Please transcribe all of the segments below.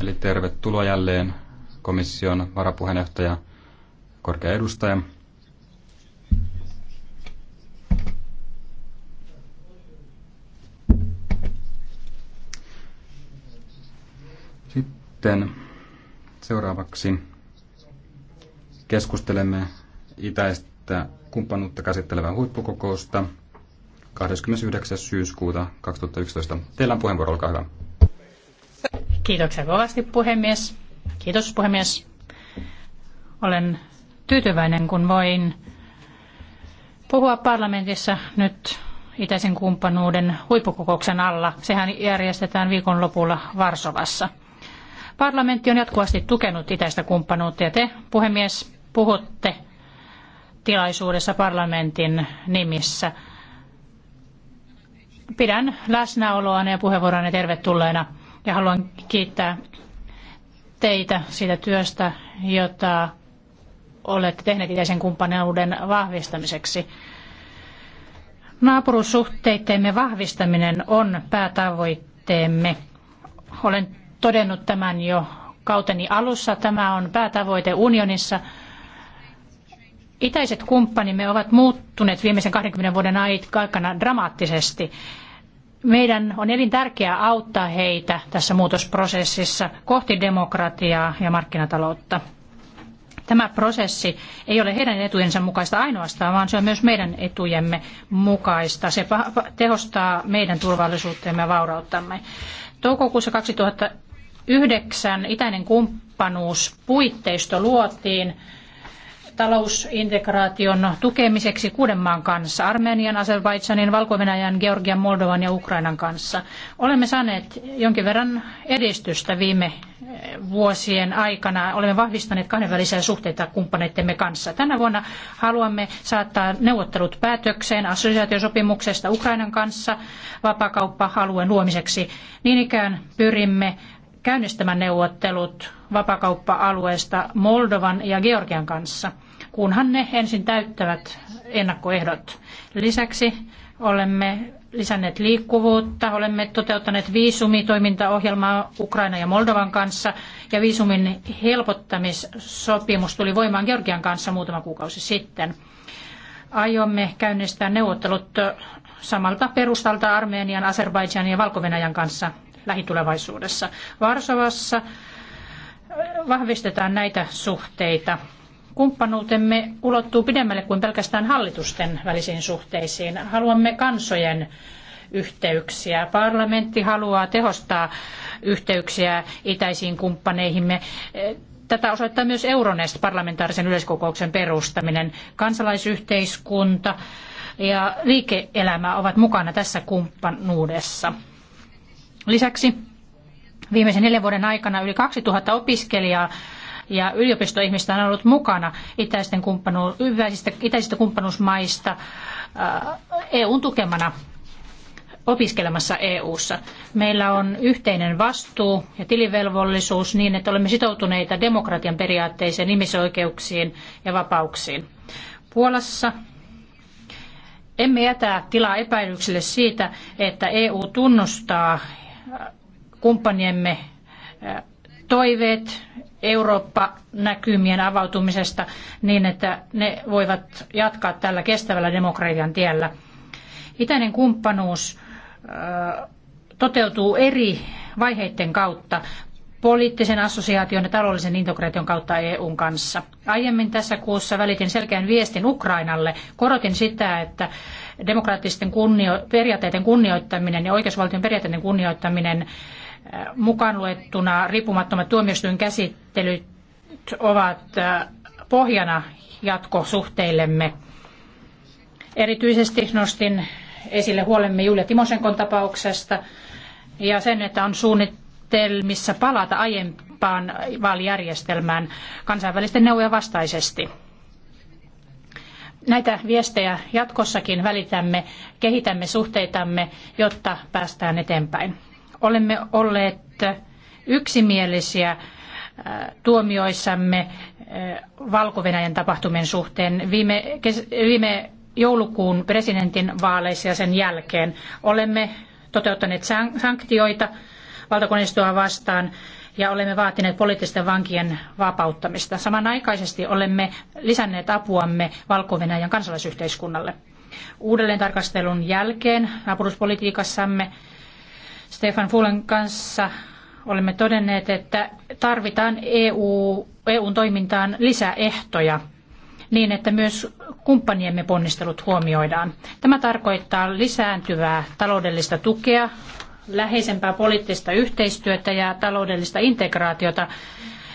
Eli tervetuloa jälleen komission varapuheenjohtaja, korkea edustaja. Sitten seuraavaksi keskustelemme itäistä kumppanuutta käsittelevää huippukokousta 29. syyskuuta 2011. Teillä on puheenvuoro, olkaa hyvä. Kiitoksia kovasti puhemies. Kiitos puhemies. Olen tyytyväinen, kun voin puhua parlamentissa nyt itäisen kumppanuuden huippukokouksen alla. Sehän järjestetään viikonlopulla Varsovassa. Parlamentti on jatkuvasti tukenut itäistä kumppanuutta ja te, puhemies, puhutte tilaisuudessa parlamentin nimissä – Pidän läsnäoloanne ja puheenvuoronne tervetulleena ja haluan kiittää teitä siitä työstä, jota olette tehneet itäisen kumppanuuden vahvistamiseksi. Naapurussuhteittemme vahvistaminen on päätavoitteemme. Olen todennut tämän jo kauteni alussa. Tämä on päätavoite unionissa – Itäiset kumppanimme ovat muuttuneet viimeisen 20 vuoden aikana dramaattisesti. Meidän on elintärkeää auttaa heitä tässä muutosprosessissa kohti demokratiaa ja markkinataloutta. Tämä prosessi ei ole heidän etujensa mukaista ainoastaan, vaan se on myös meidän etujemme mukaista. Se tehostaa meidän turvallisuuttamme ja vaurauttamme. Toukokuussa 2009 itäinen kumppanuuspuitteisto luotiin talousintegraation tukemiseksi kuuden maan kanssa, Armenian, Azerbaidžanin, valko Georgian, Moldovan ja Ukrainan kanssa. Olemme saaneet jonkin verran edistystä viime eh, vuosien aikana. Olemme vahvistaneet kahdenvälisiä suhteita kumppaneittemme kanssa. Tänä vuonna haluamme saattaa neuvottelut päätökseen assosiaatiosopimuksesta Ukrainan kanssa vapaakauppa-alueen luomiseksi. Niin ikään pyrimme käynnistämään neuvottelut vapakauppa-alueesta Moldovan ja Georgian kanssa, kunhan ne ensin täyttävät ennakkoehdot. Lisäksi olemme lisänneet liikkuvuutta, olemme toteuttaneet viisumitoimintaohjelmaa Ukraina ja Moldovan kanssa ja viisumin helpottamissopimus tuli voimaan Georgian kanssa muutama kuukausi sitten. Aiomme käynnistää neuvottelut samalta perustalta Armenian, Azerbaidžanin ja valko kanssa lähitulevaisuudessa. Varsovassa vahvistetaan näitä suhteita. Kumppanuutemme ulottuu pidemmälle kuin pelkästään hallitusten välisiin suhteisiin. Haluamme kansojen yhteyksiä. Parlamentti haluaa tehostaa yhteyksiä itäisiin kumppaneihimme. Tätä osoittaa myös Euronest parlamentaarisen yleiskokouksen perustaminen. Kansalaisyhteiskunta ja liike-elämä ovat mukana tässä kumppanuudessa. Lisäksi viimeisen neljän vuoden aikana yli 2000 opiskelijaa ja yliopistoihmistä on ollut mukana itäisten kumppanu, itäisistä, kumppanuusmaista kumppanuusmaista äh, EUn tukemana opiskelemassa EU:ssa. Meillä on yhteinen vastuu ja tilivelvollisuus niin, että olemme sitoutuneita demokratian periaatteisiin, ihmisoikeuksiin ja vapauksiin. Puolassa emme jätä tilaa epäilyksille siitä, että EU tunnustaa kumppaniemme toiveet Eurooppa-näkymien avautumisesta niin, että ne voivat jatkaa tällä kestävällä demokratian tiellä. Itäinen kumppanuus toteutuu eri vaiheiden kautta poliittisen assosiaation ja taloudellisen integraation kautta EUn kanssa. Aiemmin tässä kuussa välitin selkeän viestin Ukrainalle. Korotin sitä, että demokraattisten kunnio- periaatteiden kunnioittaminen ja oikeusvaltion periaatteiden kunnioittaminen mukaan luettuna riippumattomat tuomioistuin käsittelyt ovat pohjana jatkosuhteillemme. Erityisesti nostin esille huolemme Julia Timosenkon tapauksesta ja sen, että on suunnitelmissa palata aiempaan vaalijärjestelmään kansainvälisten neuvojen vastaisesti. Näitä viestejä jatkossakin välitämme, kehitämme suhteitamme, jotta päästään eteenpäin. Olemme olleet yksimielisiä äh, tuomioissamme äh, Valko-Venäjän tapahtumien suhteen viime, viime joulukuun presidentin vaaleissa ja sen jälkeen. Olemme toteuttaneet sanktioita valtakoneistoa vastaan ja olemme vaatineet poliittisten vankien vapauttamista. Samanaikaisesti olemme lisänneet apuamme Valko-Venäjän kansalaisyhteiskunnalle. Uudelleen tarkastelun jälkeen naapuruspolitiikassamme Stefan Fulen kanssa olemme todenneet, että tarvitaan EU, EUn toimintaan lisäehtoja niin, että myös kumppaniemme ponnistelut huomioidaan. Tämä tarkoittaa lisääntyvää taloudellista tukea, läheisempää poliittista yhteistyötä ja taloudellista integraatiota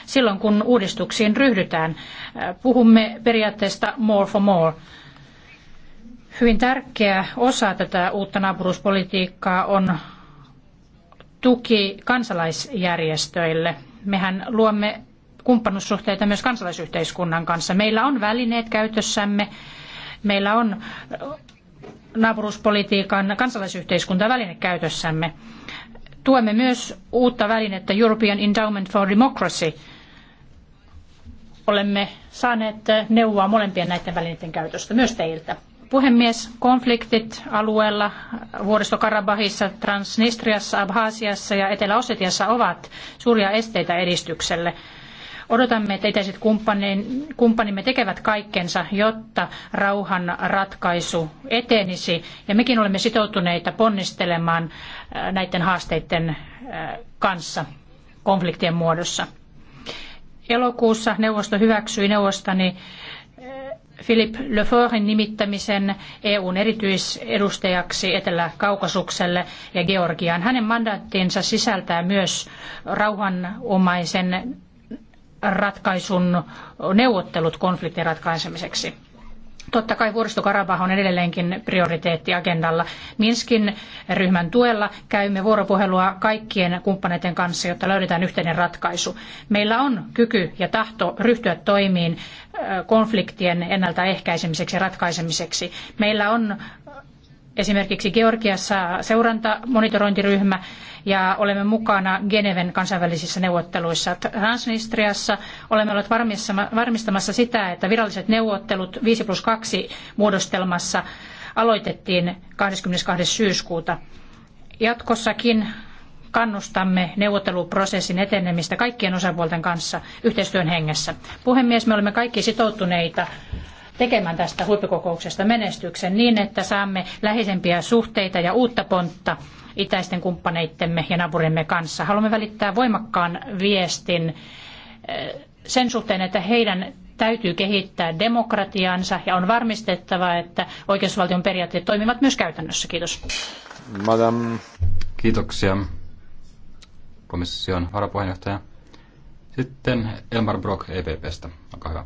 silloin, kun uudistuksiin ryhdytään. Puhumme periaatteesta more for more. Hyvin tärkeä osa tätä uutta naapuruuspolitiikkaa on tuki kansalaisjärjestöille. Mehän luomme kumppanuussuhteita myös kansalaisyhteiskunnan kanssa. Meillä on välineet käytössämme, meillä on naapuruuspolitiikan kansalaisyhteiskuntaväline käytössämme. Tuemme myös uutta välinettä European Endowment for Democracy. Olemme saaneet neuvoa molempien näiden välineiden käytöstä myös teiltä. Puhemies, konfliktit alueella Vuoristo-Karabahissa, Transnistriassa, Abhaasiassa ja Etelä-Ossetiassa ovat suuria esteitä edistykselle. Odotamme, että itäiset kumppanimme tekevät kaikkensa, jotta rauhan ratkaisu etenisi. Ja mekin olemme sitoutuneita ponnistelemaan äh, näiden haasteiden äh, kanssa konfliktien muodossa. Elokuussa neuvosto hyväksyi neuvostani Philip Leforin nimittämisen EUn erityisedustajaksi Etelä-Kaukasukselle ja Georgiaan. Hänen mandaattinsa sisältää myös rauhanomaisen ratkaisun neuvottelut konfliktin ratkaisemiseksi. Totta kai vuoristo on edelleenkin prioriteettiagendalla. Minskin ryhmän tuella käymme vuoropuhelua kaikkien kumppaneiden kanssa, jotta löydetään yhteinen ratkaisu. Meillä on kyky ja tahto ryhtyä toimiin konfliktien ennaltaehkäisemiseksi ja ratkaisemiseksi. Meillä on esimerkiksi Georgiassa seuranta ja olemme mukana Geneven kansainvälisissä neuvotteluissa. Transnistriassa olemme olleet varmistamassa sitä, että viralliset neuvottelut 5 plus 2 muodostelmassa aloitettiin 22. syyskuuta. Jatkossakin kannustamme neuvotteluprosessin etenemistä kaikkien osapuolten kanssa yhteistyön hengessä. Puhemies, me olemme kaikki sitoutuneita tekemään tästä huippukokouksesta menestyksen niin, että saamme läheisempiä suhteita ja uutta pontta itäisten kumppaneittemme ja naapurimme kanssa. Haluamme välittää voimakkaan viestin eh, sen suhteen, että heidän täytyy kehittää demokratiansa ja on varmistettava, että oikeusvaltion periaatteet toimivat myös käytännössä. Kiitos. Madam. Kiitoksia komission varapuheenjohtaja. Sitten Elmar Brok EPPstä. Olkaa hyvä.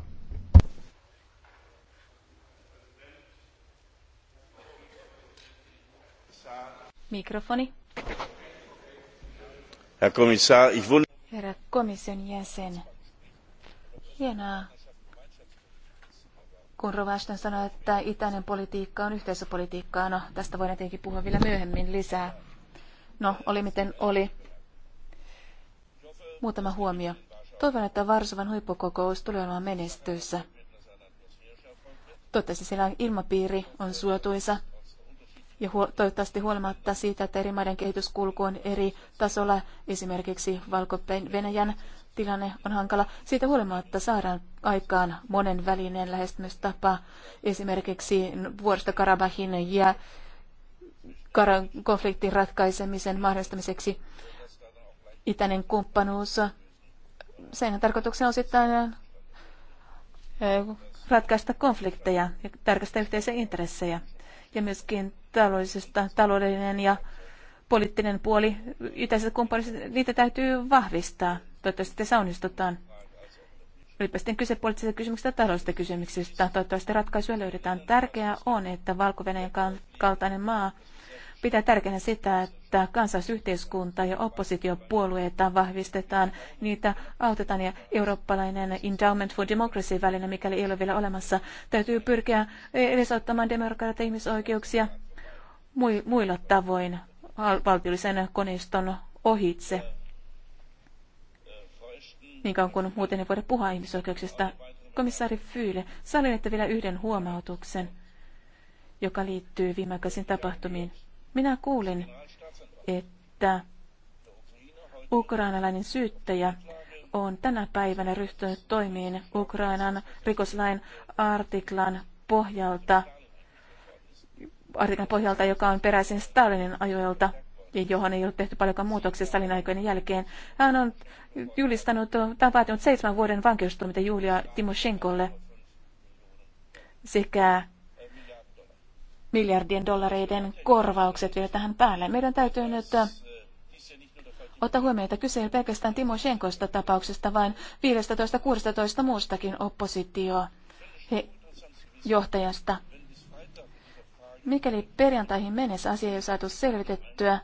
Mikrofoni. Herr Kommissar, ich Herra komission jäsen, hienoa, kun Rovaston sanoi, että itäinen politiikka on yhteisöpolitiikkaa. No, tästä voidaan tietenkin puhua vielä myöhemmin lisää. No, oli miten oli. Muutama huomio. Toivon, että Varsovan huippukokous tulee olemaan menestyssä. Toivottavasti siellä ilmapiiri on suotuisa ja huo- toivottavasti huolimatta siitä, että eri maiden kehityskulku on eri tasolla, esimerkiksi Valko-Venäjän tilanne on hankala. Siitä huolimatta saadaan aikaan monen välinen lähestymistapa, esimerkiksi vuorosta Karabahin ja konfliktin ratkaisemisen mahdollistamiseksi itäinen kumppanuus. Sen tarkoituksena on sitten ratkaista konflikteja ja tarkastaa yhteisiä intressejä ja myöskin taloudellisesta, taloudellinen ja poliittinen puoli yhteisestä kumppanista, niitä täytyy vahvistaa. Toivottavasti tässä onnistutaan. Olipa sitten kyse poliittisista kysymyksistä tai taloudellisista kysymyksistä. Toivottavasti ratkaisuja löydetään. Tärkeää on, että valko kaltainen maa pitää tärkeänä sitä, että kansallisyhteiskunta ja oppositiopuolueita vahvistetaan, niitä autetaan ja eurooppalainen Endowment for Democracy väline, mikäli ei ole vielä olemassa, täytyy pyrkiä edesauttamaan demokraatia ihmisoikeuksia muilla tavoin valtiollisen koneiston ohitse. Niin kauan kuin muuten ei voida puhua ihmisoikeuksista. Komissaari Fyyle, sanoin, että vielä yhden huomautuksen, joka liittyy viimeaikaisiin tapahtumiin. Minä kuulin, että ukrainalainen syyttäjä on tänä päivänä ryhtynyt toimiin Ukrainan rikoslain artiklan pohjalta, artiklan pohjalta, joka on peräisin Stalinin ajoilta ja johon ei ole tehty paljonkaan muutoksia Stalinin aikojen jälkeen. Hän on julistanut, tämä vaatinut seitsemän vuoden vankeustuomita Julia Timoshenkolle sekä miljardien dollareiden korvaukset vielä tähän päälle. Meidän täytyy nyt ottaa huomioon, että kyse ei pelkästään Timo Schenkosta tapauksesta, vaan 15-16 muustakin oppositio johtajasta. Mikäli perjantaihin mennessä asia ei ole saatu selvitettyä,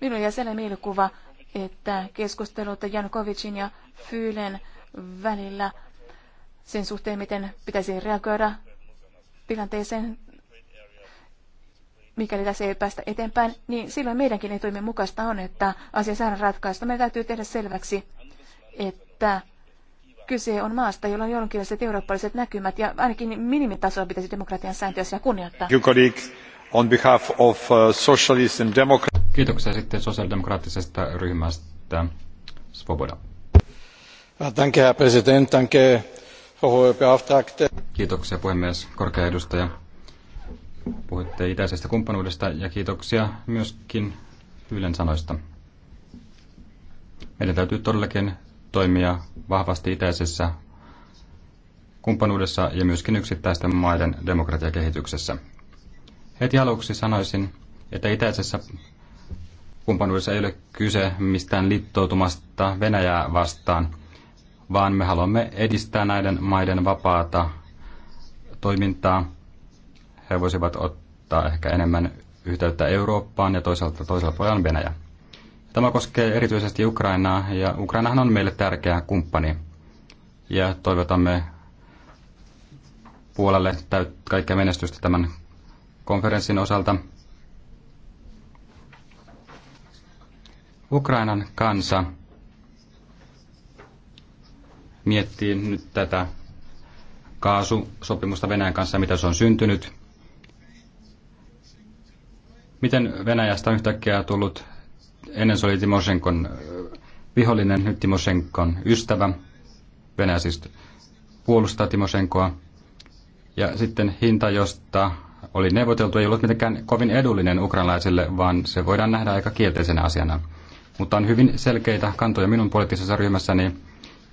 minulla jäi sellainen mielikuva, että keskustelut Jankovicin ja Fyylen välillä sen suhteen, miten pitäisi reagoida tilanteeseen, mikäli tässä ei päästä eteenpäin, niin silloin meidänkin etuimme mukaista on, että asia saadaan ratkaista. Meidän täytyy tehdä selväksi, että kyse on maasta, jolla on jonkinlaiset eurooppalaiset näkymät, ja ainakin minimitasoa pitäisi demokratian sääntöä siellä kunnioittaa. On behalf of uh, socialists and Kiitoksia sitten sosiaalidemokraattisesta ryhmästä Svoboda. Danke, Herr Präsident, danke, Kiitoksia puhemies, korkea edustaja. Puhuitte itäisestä kumppanuudesta ja kiitoksia myöskin Ylen sanoista. Meidän täytyy todellakin toimia vahvasti itäisessä kumppanuudessa ja myöskin yksittäisten maiden demokratiakehityksessä. Heti aluksi sanoisin, että itäisessä kumppanuudessa ei ole kyse mistään liittoutumasta Venäjää vastaan, vaan me haluamme edistää näiden maiden vapaata toimintaa he voisivat ottaa ehkä enemmän yhteyttä Eurooppaan ja toisaalta toisella puolella on Venäjä. Tämä koskee erityisesti Ukrainaa ja Ukrainahan on meille tärkeä kumppani ja toivotamme puolelle täyt- kaikkea menestystä tämän konferenssin osalta. Ukrainan kansa miettii nyt tätä kaasusopimusta Venäjän kanssa, mitä se on syntynyt. Miten Venäjästä on yhtäkkiä tullut, ennen se oli Timoshenkon vihollinen, nyt Timoshenkon ystävä. Venäjä siis puolustaa Timoshenkoa. Ja sitten hinta, josta oli neuvoteltu, ei ollut mitenkään kovin edullinen ukrainalaisille, vaan se voidaan nähdä aika kielteisenä asiana. Mutta on hyvin selkeitä kantoja minun poliittisessa ryhmässäni.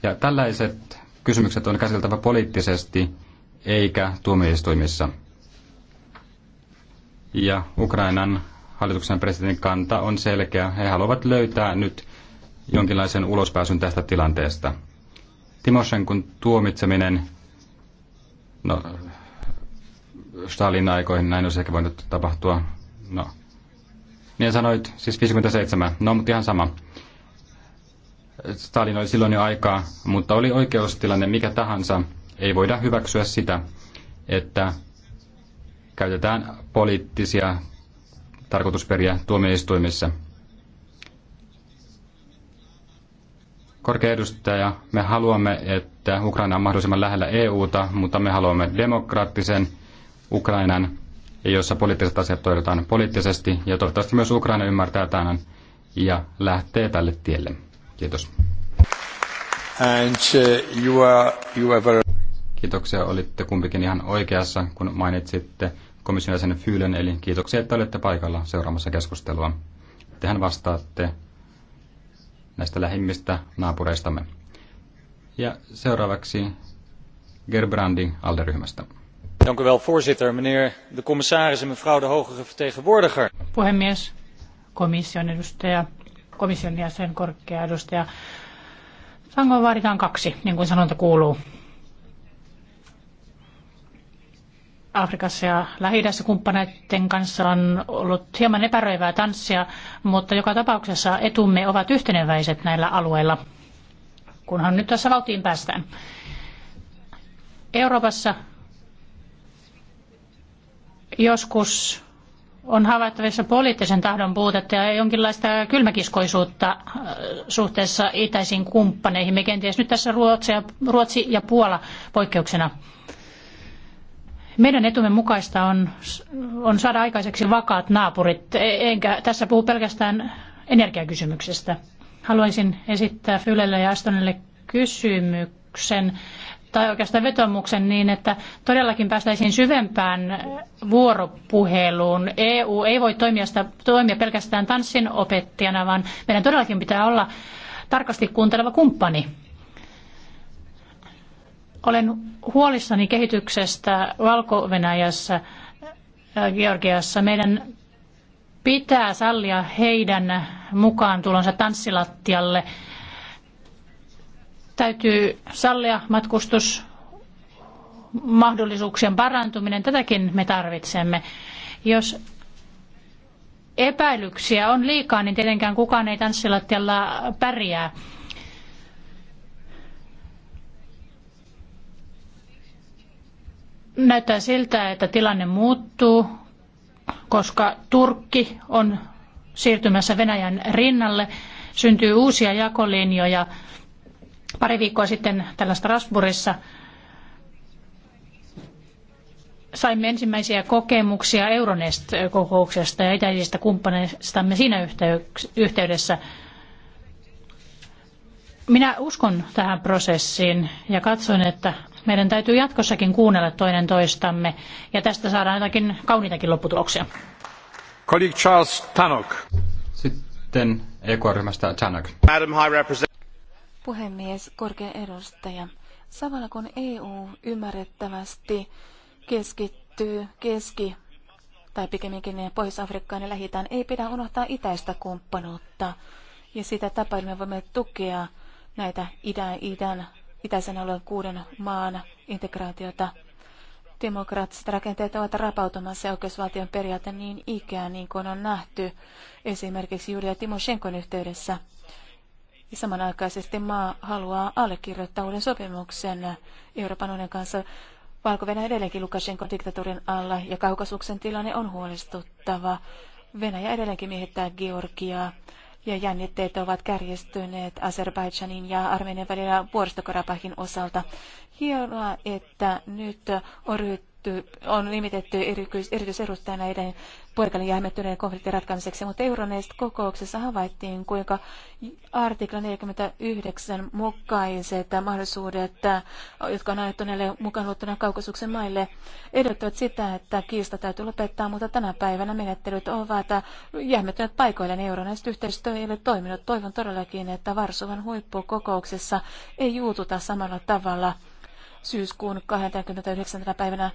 Ja tällaiset kysymykset on käsiteltävä poliittisesti eikä tuomioistuimissa ja Ukrainan hallituksen presidentin kanta on selkeä. He haluavat löytää nyt jonkinlaisen ulospääsyn tästä tilanteesta. Timoshenkun tuomitseminen, no Stalin aikoihin näin olisi ehkä voinut tapahtua, no niin sanoit, siis 57, no mutta ihan sama. Stalin oli silloin jo aikaa, mutta oli oikeustilanne mikä tahansa. Ei voida hyväksyä sitä, että käytetään poliittisia tarkoitusperiä tuomioistuimissa. Korkea edustaja, me haluamme, että Ukraina on mahdollisimman lähellä EUta, mutta me haluamme demokraattisen Ukrainan, jossa poliittiset asiat toivotaan poliittisesti, ja toivottavasti myös Ukraina ymmärtää tämän ja lähtee tälle tielle. Kiitos. And uh, you are, you are... Kiitoksia, olitte kumpikin ihan oikeassa, kun mainitsitte komission jäsen Fyylen, eli kiitoksia, että olette paikalla seuraamassa keskustelua. Tehän vastaatte näistä lähimmistä naapureistamme. Ja seuraavaksi Gerbrandi Alderyhmästä. Dank u wel, voorzitter, meneer de commissaris en mevrouw de hoge vertegenwoordiger. Puhemies, komission edustaja, komission jäsen, korkea edustaja. Sangoon vaaditaan kaksi, niin kuin sanonta kuuluu. Afrikassa ja lähi kumppaneiden kanssa on ollut hieman epäröivää tanssia, mutta joka tapauksessa etumme ovat yhteneväiset näillä alueilla, kunhan nyt tässä valtiin päästään. Euroopassa joskus on havaittavissa poliittisen tahdon puutetta ja jonkinlaista kylmäkiskoisuutta äh, suhteessa itäisiin kumppaneihin. Me kenties nyt tässä Ruotsi ja, Ruotsi ja Puola poikkeuksena. Meidän etumme mukaista on, on saada aikaiseksi vakaat naapurit, e, enkä tässä puhu pelkästään energiakysymyksestä. Haluaisin esittää Fylelle ja Astonelle kysymyksen tai oikeastaan vetomuksen niin, että todellakin päästäisiin syvempään vuoropuheluun. EU ei voi toimia, sitä, toimia pelkästään tanssin opettajana, vaan meidän todellakin pitää olla tarkasti kuunteleva kumppani olen huolissani kehityksestä Valko-Venäjässä, äh, Georgiassa. Meidän pitää sallia heidän mukaan tulonsa tanssilattialle. Täytyy sallia matkustus mahdollisuuksien parantuminen, tätäkin me tarvitsemme. Jos epäilyksiä on liikaa, niin tietenkään kukaan ei tanssilattialla pärjää. Näyttää siltä, että tilanne muuttuu, koska Turkki on siirtymässä Venäjän rinnalle. Syntyy uusia jakolinjoja. Pari viikkoa sitten täällä Strasbourgissa saimme ensimmäisiä kokemuksia Euronest-kokouksesta ja itäisistä kumppaneistamme siinä yhteydessä. Minä uskon tähän prosessiin ja katson, että meidän täytyy jatkossakin kuunnella toinen toistamme ja tästä saadaan jotakin kauniitakin lopputuloksia. Colleague Charles Tanok. Sitten EK-ryhmästä Tanok. Madam High Puhemies, korkea edustaja. Samalla kun EU ymmärrettävästi keskittyy keski- tai pikemminkin Pohjois-Afrikkaan ja lähi ei pidä unohtaa itäistä kumppanuutta. Ja sitä tapaa me voimme tukea näitä idän, idän itäisen alueen kuuden maan integraatiota. Demokraattiset rakenteet ovat rapautumassa ja oikeusvaltion periaate niin ikään, niin kuin on nähty esimerkiksi Julia Timoshenkon yhteydessä. Ja samanaikaisesti maa haluaa allekirjoittaa uuden sopimuksen Euroopan unionin kanssa. valko edelleenkin Lukashenkon diktatuurin alla ja kaukasuksen tilanne on huolestuttava. Venäjä edelleenkin miehittää Georgiaa ja jännitteet ovat kärjestyneet Azerbaidžanin ja Armenian välillä vuoristokarapahin osalta. Hienoa, että nyt on ryhdytty nimitetty, on nimitetty erityisedustaja näiden Puerkalin jähmettyneiden konfliktien ratkaisemiseksi, mutta Euronest kokouksessa havaittiin, kuinka artikla 49 mukaiset mahdollisuudet, jotka on annettu näille mukaan luottuna kaukosuksen maille, edellyttävät sitä, että kiista täytyy lopettaa, mutta tänä päivänä menettelyt ovat jähmettyneet paikoilleen. Euronest yhteistyö ei ole toiminut. Toivon todellakin, että Varsovan huippukokouksessa ei juututa samalla tavalla syyskuun 29. päivänä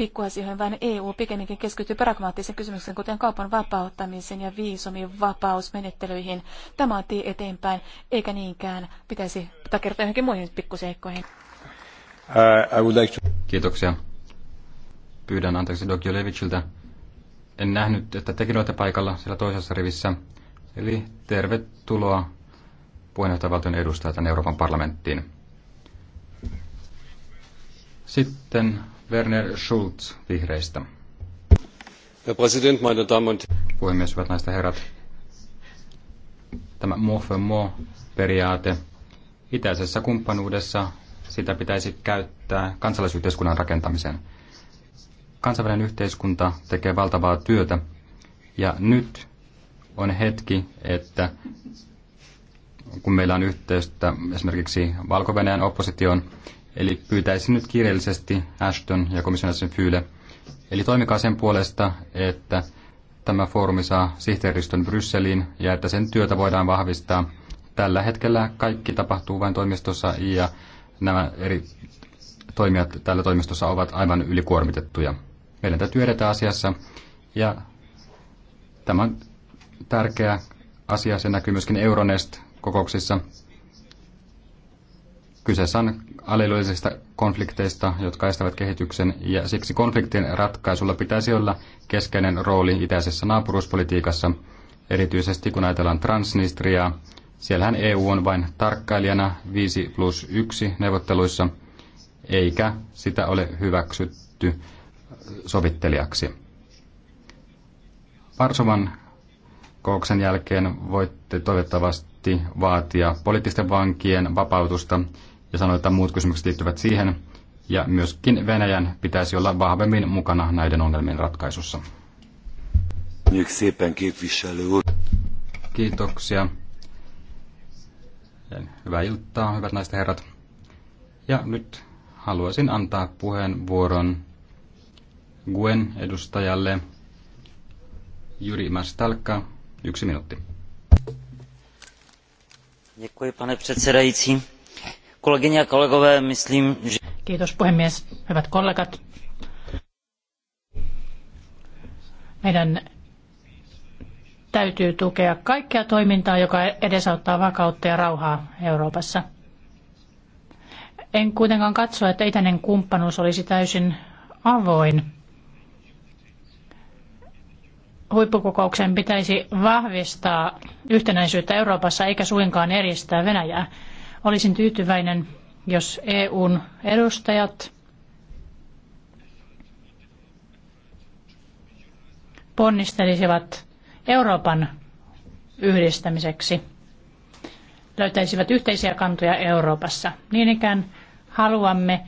pikkuasioihin, vaan EU pikemminkin keskittyy pragmaattisen kysymyksen, kuten kaupan vapauttamisen ja viisumin vapausmenettelyihin. Tämä on tie eteenpäin, eikä niinkään pitäisi takertaa johonkin muihin pikkuseikkoihin. Uh, Kiitoksia. Pyydän anteeksi Doc Levitsiltä. En nähnyt, että tekin olette paikalla siellä toisessa rivissä. Eli tervetuloa puheenjohtajavaltion edustajat Euroopan parlamenttiin. Sitten Werner Schulz vihreistä. Herr Präsident, meine Damen und Puhemies, hyvät naiset ja herrat. Tämä more periaate itäisessä kumppanuudessa sitä pitäisi käyttää kansalaisyhteiskunnan rakentamiseen. Kansainvälinen yhteiskunta tekee valtavaa työtä ja nyt on hetki, että kun meillä on yhteystä esimerkiksi valko opposition Eli pyytäisin nyt kirjallisesti Ashton ja komissionäisen Fyyle. Eli toimikaa sen puolesta, että tämä foorumi saa sihteeristön Brysseliin ja että sen työtä voidaan vahvistaa. Tällä hetkellä kaikki tapahtuu vain toimistossa ja nämä eri toimijat tällä toimistossa ovat aivan ylikuormitettuja. Meidän täytyy edetä asiassa ja tämä on tärkeä asia, se näkyy myöskin Euronest-kokouksissa. Kyseessä on alueellisista konflikteista, jotka estävät kehityksen, ja siksi konfliktien ratkaisulla pitäisi olla keskeinen rooli itäisessä naapuruuspolitiikassa, erityisesti kun ajatellaan Transnistriaa. Siellähän EU on vain tarkkailijana 5 plus 1 neuvotteluissa, eikä sitä ole hyväksytty sovittelijaksi. Varsovan kokouksen jälkeen voitte toivottavasti vaatia poliittisten vankien vapautusta ja sanoi, että muut kysymykset liittyvät siihen, ja myöskin Venäjän pitäisi olla vahvemmin mukana näiden ongelmien ratkaisussa. Kiitoksia. Hyvää iltaa, hyvät naiset herrat. Ja nyt haluaisin antaa puheenvuoron Gwen edustajalle Juri Mastalka. Yksi minuutti. Děkuji, pane předsedající arvoisa Kiitos puhemies. Hyvät kollegat. Meidän täytyy tukea kaikkea toimintaa, joka edesauttaa vakautta ja rauhaa Euroopassa. En kuitenkaan katso, että itäinen kumppanuus olisi täysin avoin. Huippukokouksen pitäisi vahvistaa yhtenäisyyttä Euroopassa eikä suinkaan eristää Venäjää. Olisin tyytyväinen, jos EUn edustajat ponnistelisivat Euroopan yhdistämiseksi, löytäisivät yhteisiä kantoja Euroopassa. Niin ikään haluamme,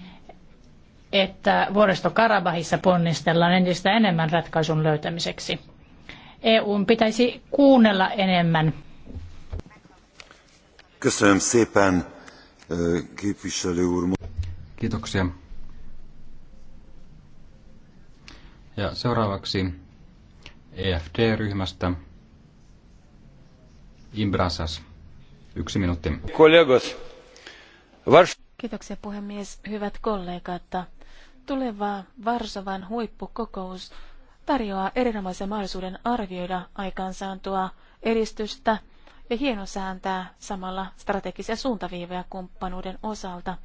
että vuoristo Karabahissa ponnistellaan entistä enemmän ratkaisun löytämiseksi. EUn pitäisi kuunnella enemmän Köszönöm szépen, képviselő úr. Kiitoksia. Ja seuraavaksi EFD-ryhmästä Imbrasas. Yksi minuutti. Kollegos. Vars... Kiitoksia puhemies. Hyvät kollegat. Tuleva Varsovan huippukokous tarjoaa erinomaisen mahdollisuuden arvioida aikaansaantua edistystä – ja hienosääntää samalla strategisia suuntaviivoja kumppanuuden osalta.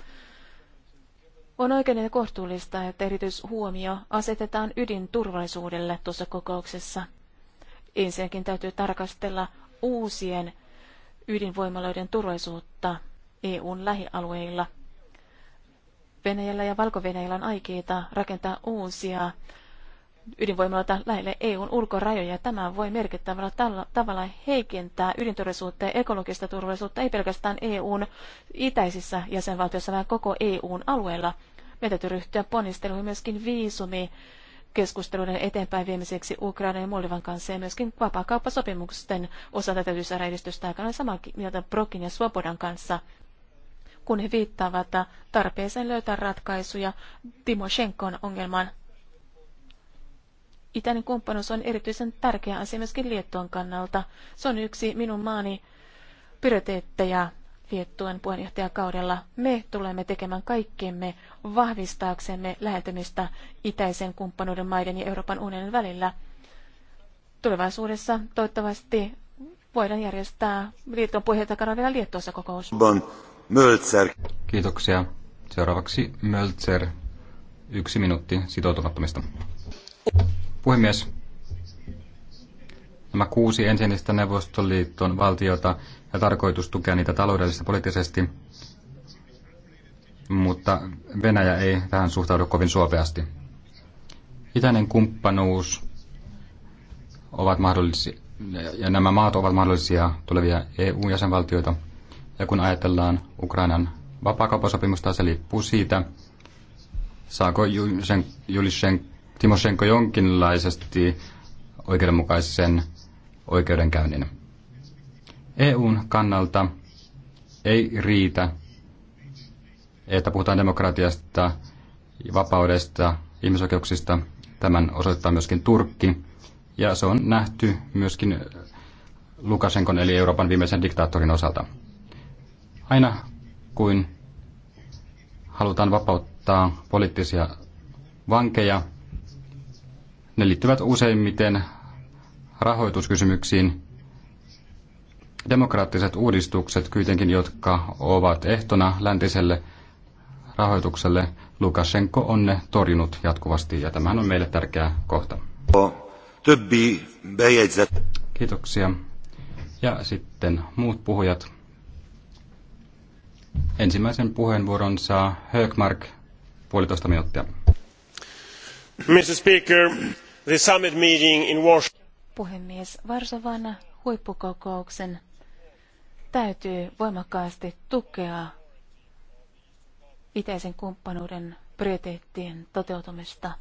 On oikein ja kohtuullista, että erityishuomio asetetaan ydinturvallisuudelle tuossa kokouksessa. Ensinnäkin täytyy tarkastella uusien ydinvoimaloiden turvallisuutta EUn lähialueilla. Venäjällä ja valko on aikeita rakentaa uusia ydinvoimaloita lähelle EUn ulkorajoja. Tämä voi merkittävällä tavalla heikentää ydinturvallisuutta ja ekologista turvallisuutta ei pelkästään EUn itäisissä jäsenvaltioissa, vaan koko EUn alueella. Meidän täytyy ryhtyä ponnisteluihin myöskin viisumi keskusteluiden eteenpäin viemiseksi Ukrainan ja Moldovan kanssa ja myöskin vapaakauppasopimusten osalta täytyy saada edistystä aikana samaa mieltä Brokin ja Svobodan kanssa kun he viittaavat tarpeeseen löytää ratkaisuja Timoshenkon ongelmaan Itäinen kumppanuus on erityisen tärkeä asia myöskin Liettuan kannalta. Se on yksi minun maani prioriteetteja Liettuan puheenjohtajakaudella. Me tulemme tekemään kaikkemme vahvistaaksemme lähetymistä itäisen kumppanuuden maiden ja Euroopan unionin välillä. Tulevaisuudessa toivottavasti voidaan järjestää Liettuan puheenjohtajakaudella vielä Liettuassa kokous. Bon. Möltser. Kiitoksia. Seuraavaksi Möltser. Yksi minuutti sitoutumattomista. Puhemies, nämä kuusi ensinnistä Neuvostoliiton valtiota ja tarkoitus tukea niitä taloudellisesti poliittisesti, mutta Venäjä ei tähän suhtaudu kovin suopeasti. Itäinen kumppanuus ovat mahdollisia, ja nämä maat ovat mahdollisia tulevia EU-jäsenvaltioita. Ja kun ajatellaan Ukrainan vapaakauppasopimusta, se liippuu siitä, saako Julisenko Timoshenko jonkinlaisesti oikeudenmukaisen oikeudenkäynnin. EUn kannalta ei riitä, että puhutaan demokratiasta, vapaudesta, ihmisoikeuksista. Tämän osoittaa myöskin Turkki. Ja se on nähty myöskin Lukashenkon eli Euroopan viimeisen diktaattorin osalta. Aina kuin halutaan vapauttaa poliittisia vankeja, ne liittyvät useimmiten rahoituskysymyksiin. Demokraattiset uudistukset kuitenkin, jotka ovat ehtona läntiselle rahoitukselle, Lukashenko on ne torjunut jatkuvasti ja tämähän on meille tärkeä kohta. Kiitoksia. Ja sitten muut puhujat. Ensimmäisen puheenvuoron saa Högmark, puolitoista minuuttia. Mr. Speaker, the summit meeting in Washington. Puhemies, Varsovan huippukokouksen täytyy voimakkaasti tukea itäisen kumppanuuden prioriteettien toteutumista.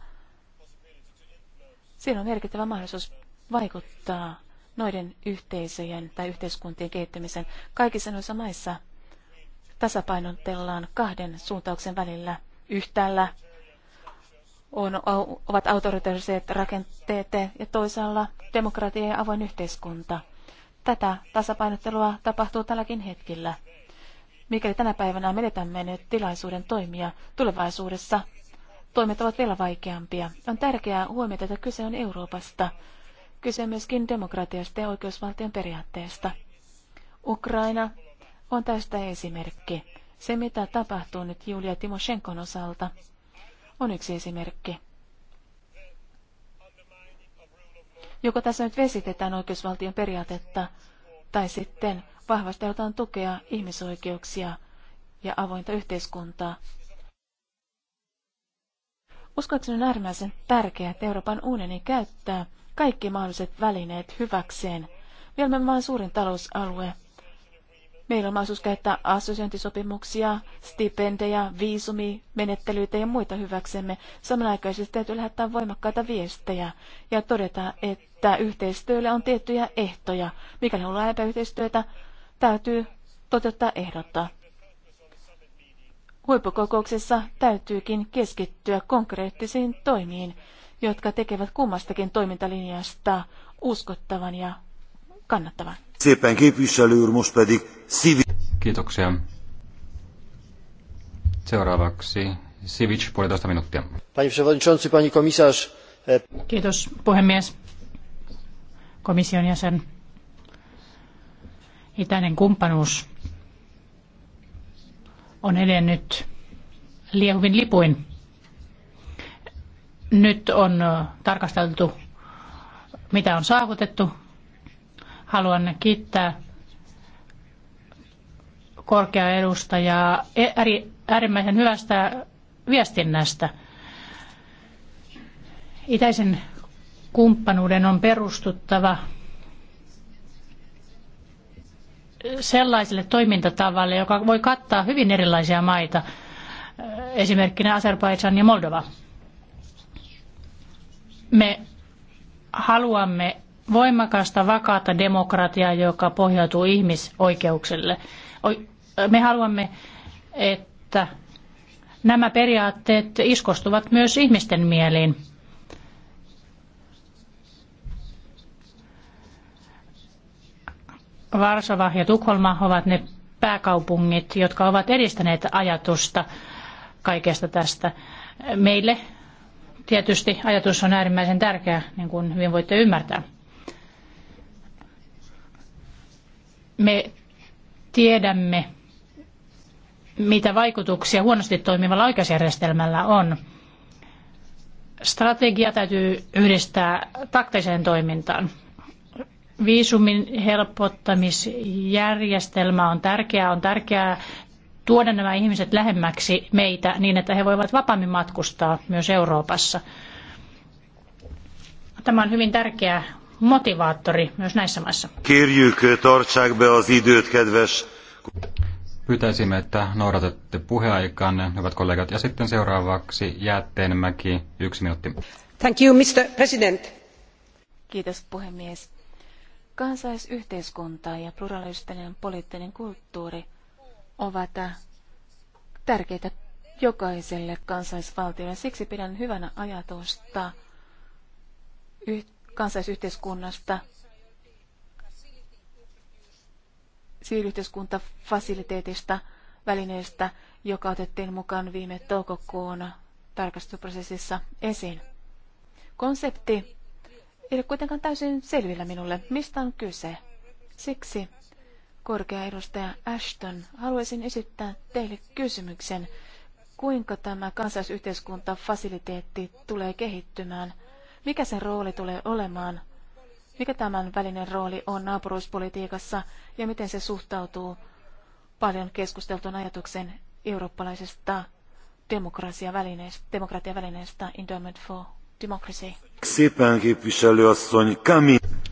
Siinä on merkittävä mahdollisuus vaikuttaa noiden yhteisöjen tai yhteiskuntien kehittymiseen. kaikissa noissa maissa tasapainotellaan kahden suuntauksen välillä. Yhtäällä on, ovat autoritaariset rakenteet ja toisaalla demokratia ja avoin yhteiskunta. Tätä tasapainottelua tapahtuu tälläkin hetkellä. Mikäli tänä päivänä menetämme nyt tilaisuuden toimia tulevaisuudessa, toimet ovat vielä vaikeampia. On tärkeää huomioida, että kyse on Euroopasta. Kyse on myöskin demokratiasta ja oikeusvaltion periaatteesta. Ukraina on tästä esimerkki. Se, mitä tapahtuu nyt Julia Timoshenkon osalta, on yksi esimerkki. Joko tässä nyt vesitetään oikeusvaltion periaatetta, tai sitten vahvasti halutaan tukea ihmisoikeuksia ja avointa yhteiskuntaa. Uskoakseni on äärimmäisen tärkeää, että Euroopan unioni käyttää kaikki mahdolliset välineet hyväkseen. Me olemme maan suurin talousalue Meillä on mahdollisuus käyttää assosiointisopimuksia, stipendejä, viisumimenettelyitä ja muita hyväksemme. Samanaikaisesti täytyy lähettää voimakkaita viestejä ja todeta, että yhteistyöllä on tiettyjä ehtoja. Mikäli on laajempaa yhteistyötä, täytyy toteuttaa ehdottaa. Huippukokouksessa täytyykin keskittyä konkreettisiin toimiin, jotka tekevät kummastakin toimintalinjasta uskottavan ja kannattavan. Kiitoksia. Seuraavaksi Sivic, puolitoista minuuttia. Pani przewodniczący, pani komisarz. E, Kiitos puhemies. Komission jäsen. Itäinen kumppanuus on edennyt liehuvin lipuin. Nyt on tarkasteltu, mitä on saavutettu Haluan kiittää korkea edustajaa e- äärimmäisen hyvästä viestinnästä. Itäisen kumppanuuden on perustuttava sellaiselle toimintatavalle, joka voi kattaa hyvin erilaisia maita, esimerkkinä Azerbaidžan ja Moldova. Me haluamme voimakasta, vakaata demokratiaa, joka pohjautuu ihmisoikeuksille. Me haluamme, että nämä periaatteet iskostuvat myös ihmisten mieliin. Varsava ja Tukholma ovat ne pääkaupungit, jotka ovat edistäneet ajatusta kaikesta tästä. Meille tietysti ajatus on äärimmäisen tärkeä, niin kuin hyvin voitte ymmärtää. Me tiedämme, mitä vaikutuksia huonosti toimivalla oikeusjärjestelmällä on. Strategia täytyy yhdistää taktiseen toimintaan. Viisumin helpottamisjärjestelmä on tärkeää. On tärkeää tuoda nämä ihmiset lähemmäksi meitä niin, että he voivat vapaammin matkustaa myös Euroopassa. Tämä on hyvin tärkeä motivaattori myös näissä maissa. tartsák be az időt, kedves. Pyytäisimme, että noudatatte puheaikaanne, hyvät kollegat. Ja sitten seuraavaksi Jäätteenmäki, yksi minuutti. Thank you, Mr. President. Kiitos, puhemies. Kansaisyhteiskunta ja pluralistinen poliittinen kulttuuri ovat tärkeitä jokaiselle kansallisvaltiolle. Siksi pidän hyvänä ajatusta yhteistyötä kansaisyhteiskunnasta. Siviiliyhteiskuntafasiliteetista välineestä, joka otettiin mukaan viime toukokuun tarkastusprosessissa esiin. Konsepti ei ole kuitenkaan täysin selvillä minulle, mistä on kyse. Siksi korkea edustaja Ashton, haluaisin esittää teille kysymyksen, kuinka tämä kansalaisyhteiskuntafasiliteetti tulee kehittymään – mikä sen rooli tulee olemaan? Mikä tämän välinen rooli on naapuruuspolitiikassa ja miten se suhtautuu paljon keskusteltuun ajatuksen eurooppalaisesta demokratiavälineestä, demokratiavälineestä Endowment for Democracy?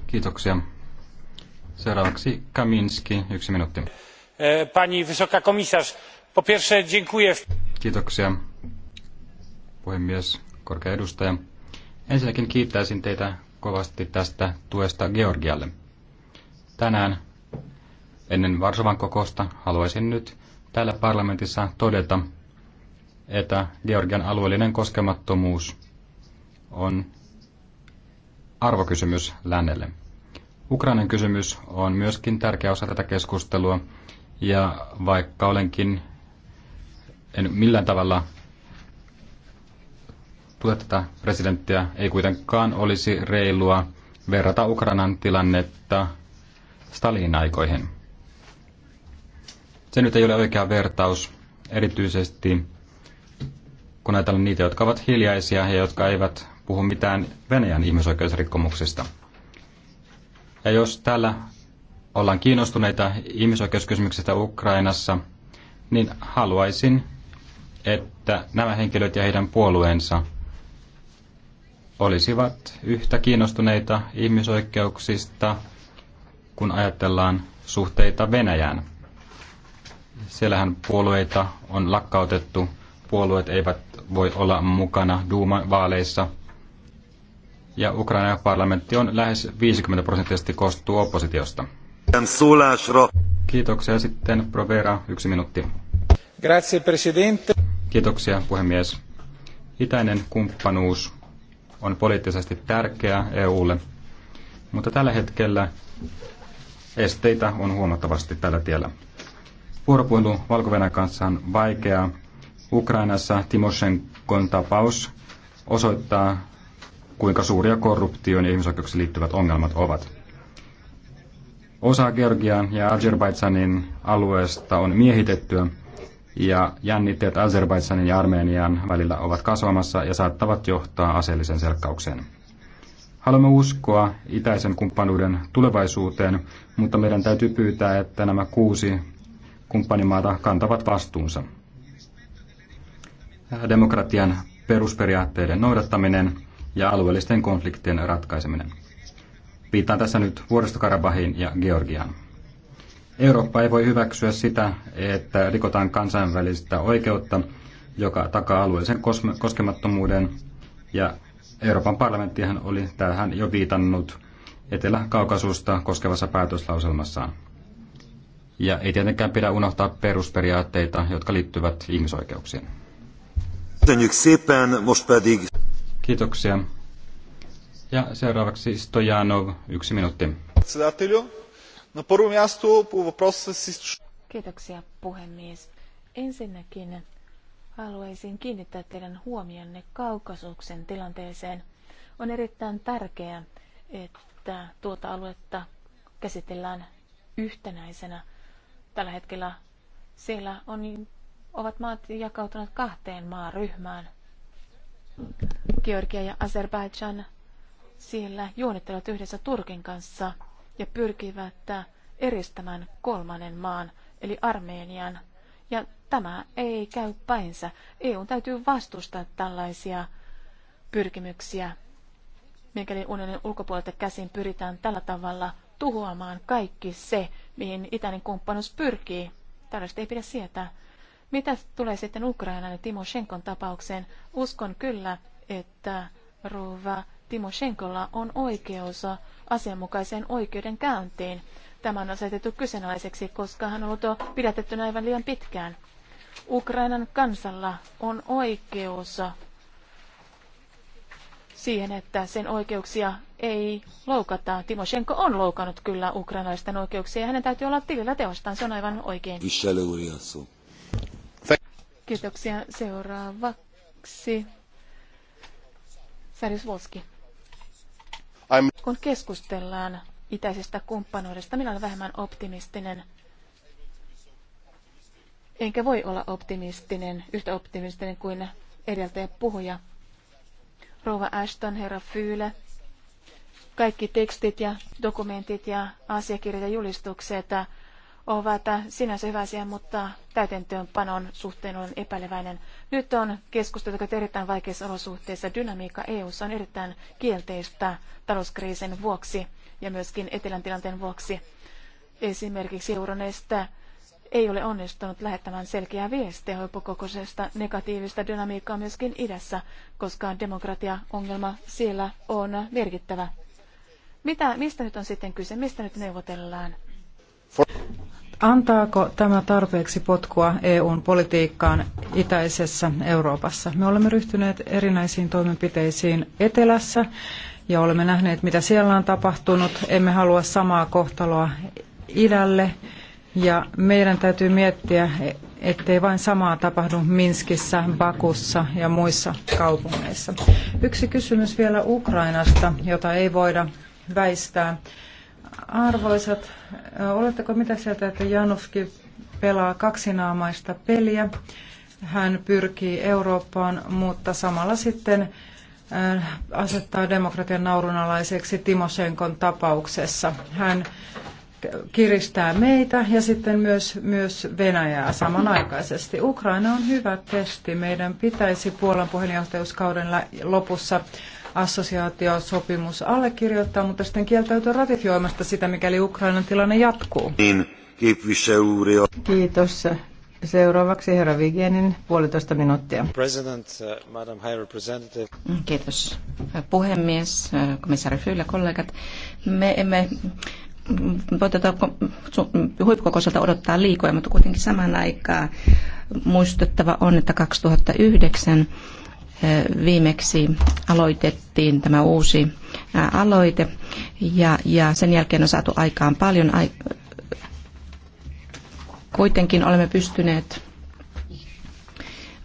Kiitoksia. Seuraavaksi Kaminski, yksi minuutti. E, pani wysoka komisarz, po pierwsze dziękuję. Kiitoksia, puhemies, korkea edustaja. Ensinnäkin kiittäisin teitä kovasti tästä tuesta Georgialle. Tänään ennen Varsovan kokousta haluaisin nyt täällä parlamentissa todeta, että Georgian alueellinen koskemattomuus on arvokysymys lännelle. Ukrainan kysymys on myöskin tärkeä osa tätä keskustelua, ja vaikka olenkin en millään tavalla tue tätä presidenttiä. Ei kuitenkaan olisi reilua verrata Ukrainan tilannetta Stalinin aikoihin. Se nyt ei ole oikea vertaus, erityisesti kun ajatellaan niitä, jotka ovat hiljaisia ja jotka eivät puhu mitään Venäjän ihmisoikeusrikkomuksista. Ja jos täällä ollaan kiinnostuneita ihmisoikeuskysymyksistä Ukrainassa, niin haluaisin, että nämä henkilöt ja heidän puolueensa olisivat yhtä kiinnostuneita ihmisoikeuksista, kun ajatellaan suhteita Venäjään. Siellähän puolueita on lakkautettu, puolueet eivät voi olla mukana Duuman vaaleissa. Ja Ukrainan parlamentti on lähes 50 prosenttisesti koostuu oppositiosta. Kiitoksia sitten Provera, yksi minuutti. Grazie, presidente. Kiitoksia puhemies. Itäinen kumppanuus on poliittisesti tärkeä EUlle, mutta tällä hetkellä esteitä on huomattavasti tällä tiellä. Vuoropuhelu valko kanssa on vaikeaa. Ukrainassa Timoshenkon tapaus osoittaa, kuinka suuria korruptioon ja ihmisoikeuksiin liittyvät ongelmat ovat. Osa Georgian ja Azerbaidsanin alueesta on miehitettyä, ja jännitteet Azerbaidsanin ja Armenian välillä ovat kasvamassa ja saattavat johtaa aseelliseen selkkaukseen. Haluamme uskoa itäisen kumppanuuden tulevaisuuteen, mutta meidän täytyy pyytää, että nämä kuusi kumppanimaata kantavat vastuunsa. Demokratian perusperiaatteiden noudattaminen ja alueellisten konfliktien ratkaiseminen. Viittaan tässä nyt vuoristokarabahiin ja Georgiaan. Eurooppa ei voi hyväksyä sitä, että rikotaan kansainvälistä oikeutta, joka takaa alueellisen koskemattomuuden. Ja Euroopan parlamenttihan oli tähän jo viitannut Etelä-Kaukasusta koskevassa päätöslauselmassaan. Ja ei tietenkään pidä unohtaa perusperiaatteita, jotka liittyvät ihmisoikeuksiin. Kiitoksia. Ja seuraavaksi Stojanov, yksi minuutti. На първо Kiitoksia puhemies. Ensinnäkin haluaisin kiinnittää teidän huomionne kaukasuksen tilanteeseen. On erittäin tärkeää, että tuota aluetta käsitellään yhtenäisenä. Tällä hetkellä siellä on, ovat maat jakautuneet kahteen maaryhmään. Georgia ja Azerbaidžan, siellä juonittelut yhdessä Turkin kanssa – ja pyrkivät eristämään kolmannen maan, eli Armenian. Ja tämä ei käy päinsä. EU täytyy vastustaa tällaisia pyrkimyksiä, mikäli unionin ulkopuolelta käsin pyritään tällä tavalla tuhoamaan kaikki se, mihin itäinen kumppanuus pyrkii. Tällaista ei pidä sietää. Mitä tulee sitten Ukrainan ja Timoshenkon tapaukseen, uskon kyllä, että rouva Timoshenkolla on oikeus asianmukaiseen oikeudenkäyntiin. Tämä on asetettu kyseenalaiseksi, koska hän on ollut pidätettynä aivan liian pitkään. Ukrainan kansalla on oikeus siihen, että sen oikeuksia ei loukata. Timoshenko on loukannut kyllä ukrainalaisten oikeuksia ja hänen täytyy olla tilillä teostaan. Se on aivan oikein. Kiitoksia. Seuraavaksi Saris Volski. I'm... Kun keskustellaan itäisestä kumppanuudesta, minä olen vähemmän optimistinen. Enkä voi olla optimistinen, yhtä optimistinen kuin edeltäjä puhuja. Rouva Ashton, herra Fyyle, kaikki tekstit ja dokumentit ja asiakirjat ja julistukset ovat sinänsä hyvä asia, mutta täytäntöönpanon suhteen on epäileväinen. Nyt on keskustelut, erittäin vaikeissa olosuhteissa. Dynamiikka EU:ssa on erittäin kielteistä talouskriisin vuoksi ja myöskin etelän tilanteen vuoksi. Esimerkiksi Euronesta ei ole onnistunut lähettämään selkeää viestiä huippukokoisesta negatiivista dynamiikkaa myöskin idässä, koska demokratiaongelma siellä on merkittävä. Mitä, mistä nyt on sitten kyse? Mistä nyt neuvotellaan? Antaako tämä tarpeeksi potkua EUn politiikkaan itäisessä Euroopassa? Me olemme ryhtyneet erinäisiin toimenpiteisiin etelässä ja olemme nähneet, mitä siellä on tapahtunut. Emme halua samaa kohtaloa idälle ja meidän täytyy miettiä, ettei vain samaa tapahdu Minskissä, Bakussa ja muissa kaupungeissa. Yksi kysymys vielä Ukrainasta, jota ei voida väistää. Arvoisat, äh, oletteko mitä sieltä, että Januski pelaa kaksinaamaista peliä? Hän pyrkii Eurooppaan, mutta samalla sitten äh, asettaa demokratian naurunalaiseksi Timosenkon tapauksessa. Hän kiristää meitä ja sitten myös, myös Venäjää samanaikaisesti. Ukraina on hyvä testi. Meidän pitäisi Puolan puheenjohtajuuskauden lopussa assosiaatiosopimus allekirjoittaa, mutta sitten kieltäytyy ratifioimasta sitä, mikäli Ukrainan tilanne jatkuu. Niin, Kiitos. Seuraavaksi herra Vigenin puolitoista minuuttia. President, uh, Madam High Representative. Kiitos uh, puhemies, uh, komissaari Fyylä, kollegat. Me emme mm, voi tätä huippukokouselta odottaa liikoja, mutta kuitenkin samaan aikaan muistettava on, että 2009 viimeksi aloitettiin tämä uusi aloite ja, ja sen jälkeen on saatu aikaan paljon. Kuitenkin olemme pystyneet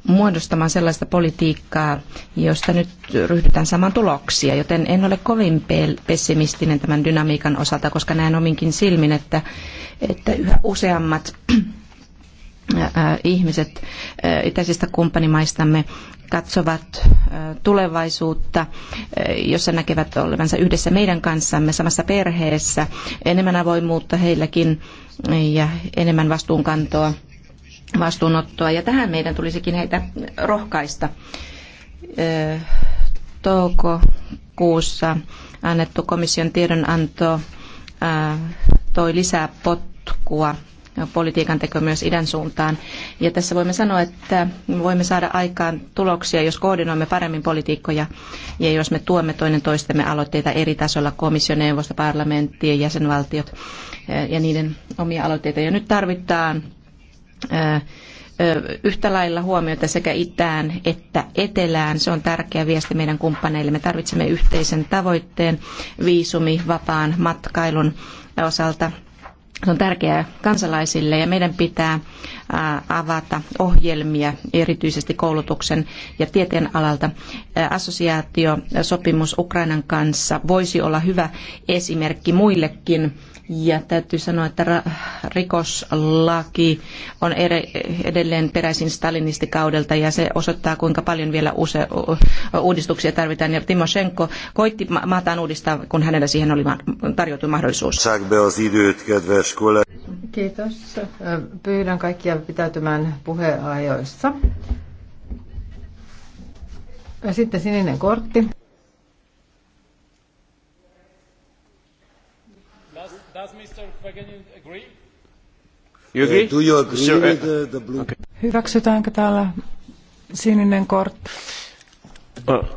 muodostamaan sellaista politiikkaa, josta nyt ryhdytään saamaan tuloksia, joten en ole kovin pessimistinen tämän dynamiikan osalta, koska näen ominkin silmin, että, että yhä useammat ihmiset itäisistä kumppanimaistamme katsovat tulevaisuutta, jossa näkevät olevansa yhdessä meidän kanssamme samassa perheessä, enemmän avoimuutta heilläkin ja enemmän vastuunkantoa, vastuunottoa. Ja tähän meidän tulisikin heitä rohkaista. Toukokuussa annettu komission tiedonanto toi lisää potkua politiikan teko myös idän suuntaan. Ja tässä voimme sanoa, että voimme saada aikaan tuloksia, jos koordinoimme paremmin politiikkoja ja jos me tuemme toinen toistemme aloitteita eri tasolla, komissio, neuvosto, parlamentti, ja jäsenvaltiot eh, ja niiden omia aloitteita. Ja nyt tarvitaan eh, eh, yhtä lailla huomiota sekä itään että etelään. Se on tärkeä viesti meidän kumppaneille. Me tarvitsemme yhteisen tavoitteen viisumi vapaan matkailun osalta se on tärkeää kansalaisille ja meidän pitää avata ohjelmia erityisesti koulutuksen ja tieteen alalta. Assosiaatiosopimus Ukrainan kanssa voisi olla hyvä esimerkki muillekin. Ja täytyy sanoa, että rikoslaki on edelleen peräisin stalinistikaudelta ja se osoittaa, kuinka paljon vielä use- uudistuksia tarvitaan. Ja Timoshenko koitti maataan uudistaa, kun hänellä siihen oli tarjottu mahdollisuus. Kiitos. Kiitos. Pyydän kaikkia pitäytymään Ja Sitten sininen kortti. Does, does Mr. Agree? You agree? Do you agree sure. with the, the blue? Okay. Hyväksytäänkö täällä sininen kortti?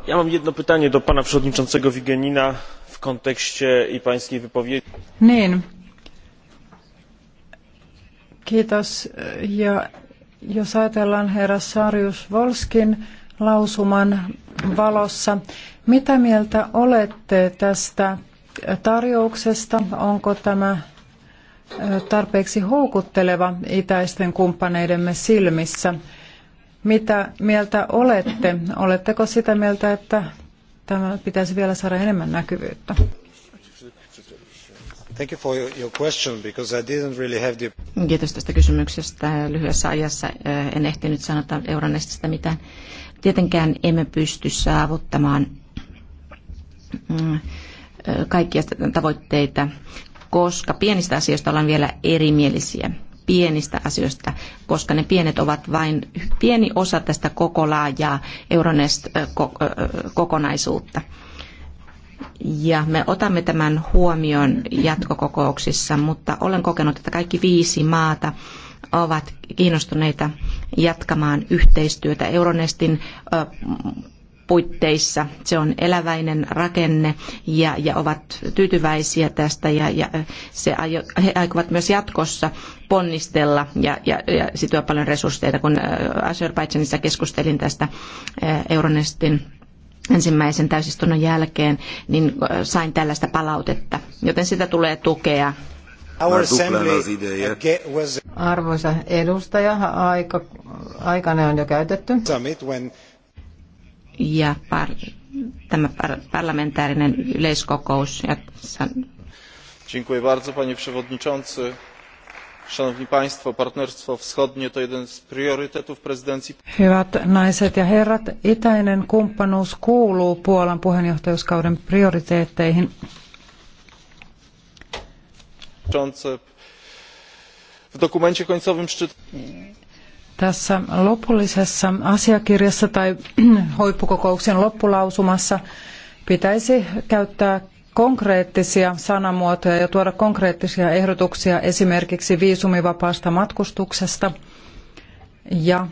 Ja mam jedno pytanie do pana przewodniczącego Wigenina w kontekście i pańskiej wypowiedzi. Niin, Kiitos. Ja jos ajatellaan herra Sarius Volskin lausuman valossa, mitä mieltä olette tästä tarjouksesta? Onko tämä tarpeeksi houkutteleva itäisten kumppaneidemme silmissä? Mitä mieltä olette? Oletteko sitä mieltä, että tämä pitäisi vielä saada enemmän näkyvyyttä? Kiitos tästä kysymyksestä. Lyhyessä ajassa eh, en ehtinyt sanoa Euronestista mitään. Tietenkään emme pysty saavuttamaan mm, eh, kaikkia tavoitteita, koska pienistä asioista ollaan vielä erimielisiä pienistä asioista, koska ne pienet ovat vain pieni osa tästä koko laajaa Euronest-kokonaisuutta. Eh, ja me otamme tämän huomioon jatkokokouksissa, mutta olen kokenut, että kaikki viisi maata ovat kiinnostuneita jatkamaan yhteistyötä Euronestin puitteissa. Se on eläväinen rakenne ja, ja ovat tyytyväisiä tästä ja, ja se aio, he aikovat myös jatkossa ponnistella ja, ja, ja sitoa paljon resursseja. Kun Azerbaidžanissa keskustelin tästä Euronestin ensimmäisen täysistunnon jälkeen, niin sain tällaista palautetta, joten sitä tulee tukea. Uh, Arvoisa edustaja, aika, aikana on jo käytetty. Ja par, tämä par, parlamentaarinen yleiskokous. Ja, san... Dziękuję bardzo, panie przewodniczący partnerstwo wschodnie to jeden z priorytetów prezydencji. Hyvät naiset ja herrat, itäinen kumppanuus kuuluu Puolan puheenjohtajuuskauden prioriteetteihin. W dokumencie końcowym szczytu tässä lopullisessa asiakirjassa tai huippukokouksen loppulausumassa pitäisi käyttää konkreettisia sanamuotoja ja tuoda konkreettisia ehdotuksia esimerkiksi viisumivapaasta matkustuksesta ja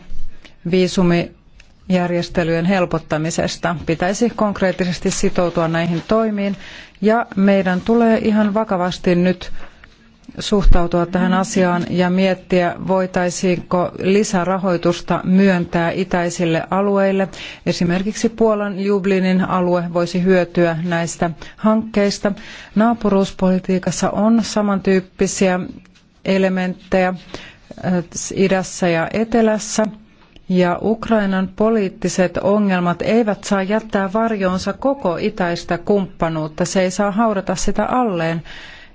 viisumijärjestelyjen helpottamisesta. Pitäisi konkreettisesti sitoutua näihin toimiin ja meidän tulee ihan vakavasti nyt suhtautua tähän asiaan ja miettiä, voitaisiinko lisärahoitusta myöntää itäisille alueille. Esimerkiksi Puolan Jublinin alue voisi hyötyä näistä hankkeista. Naapuruuspolitiikassa on samantyyppisiä elementtejä äh, idässä ja etelässä. Ja Ukrainan poliittiset ongelmat eivät saa jättää varjoonsa koko itäistä kumppanuutta. Se ei saa haudata sitä alleen.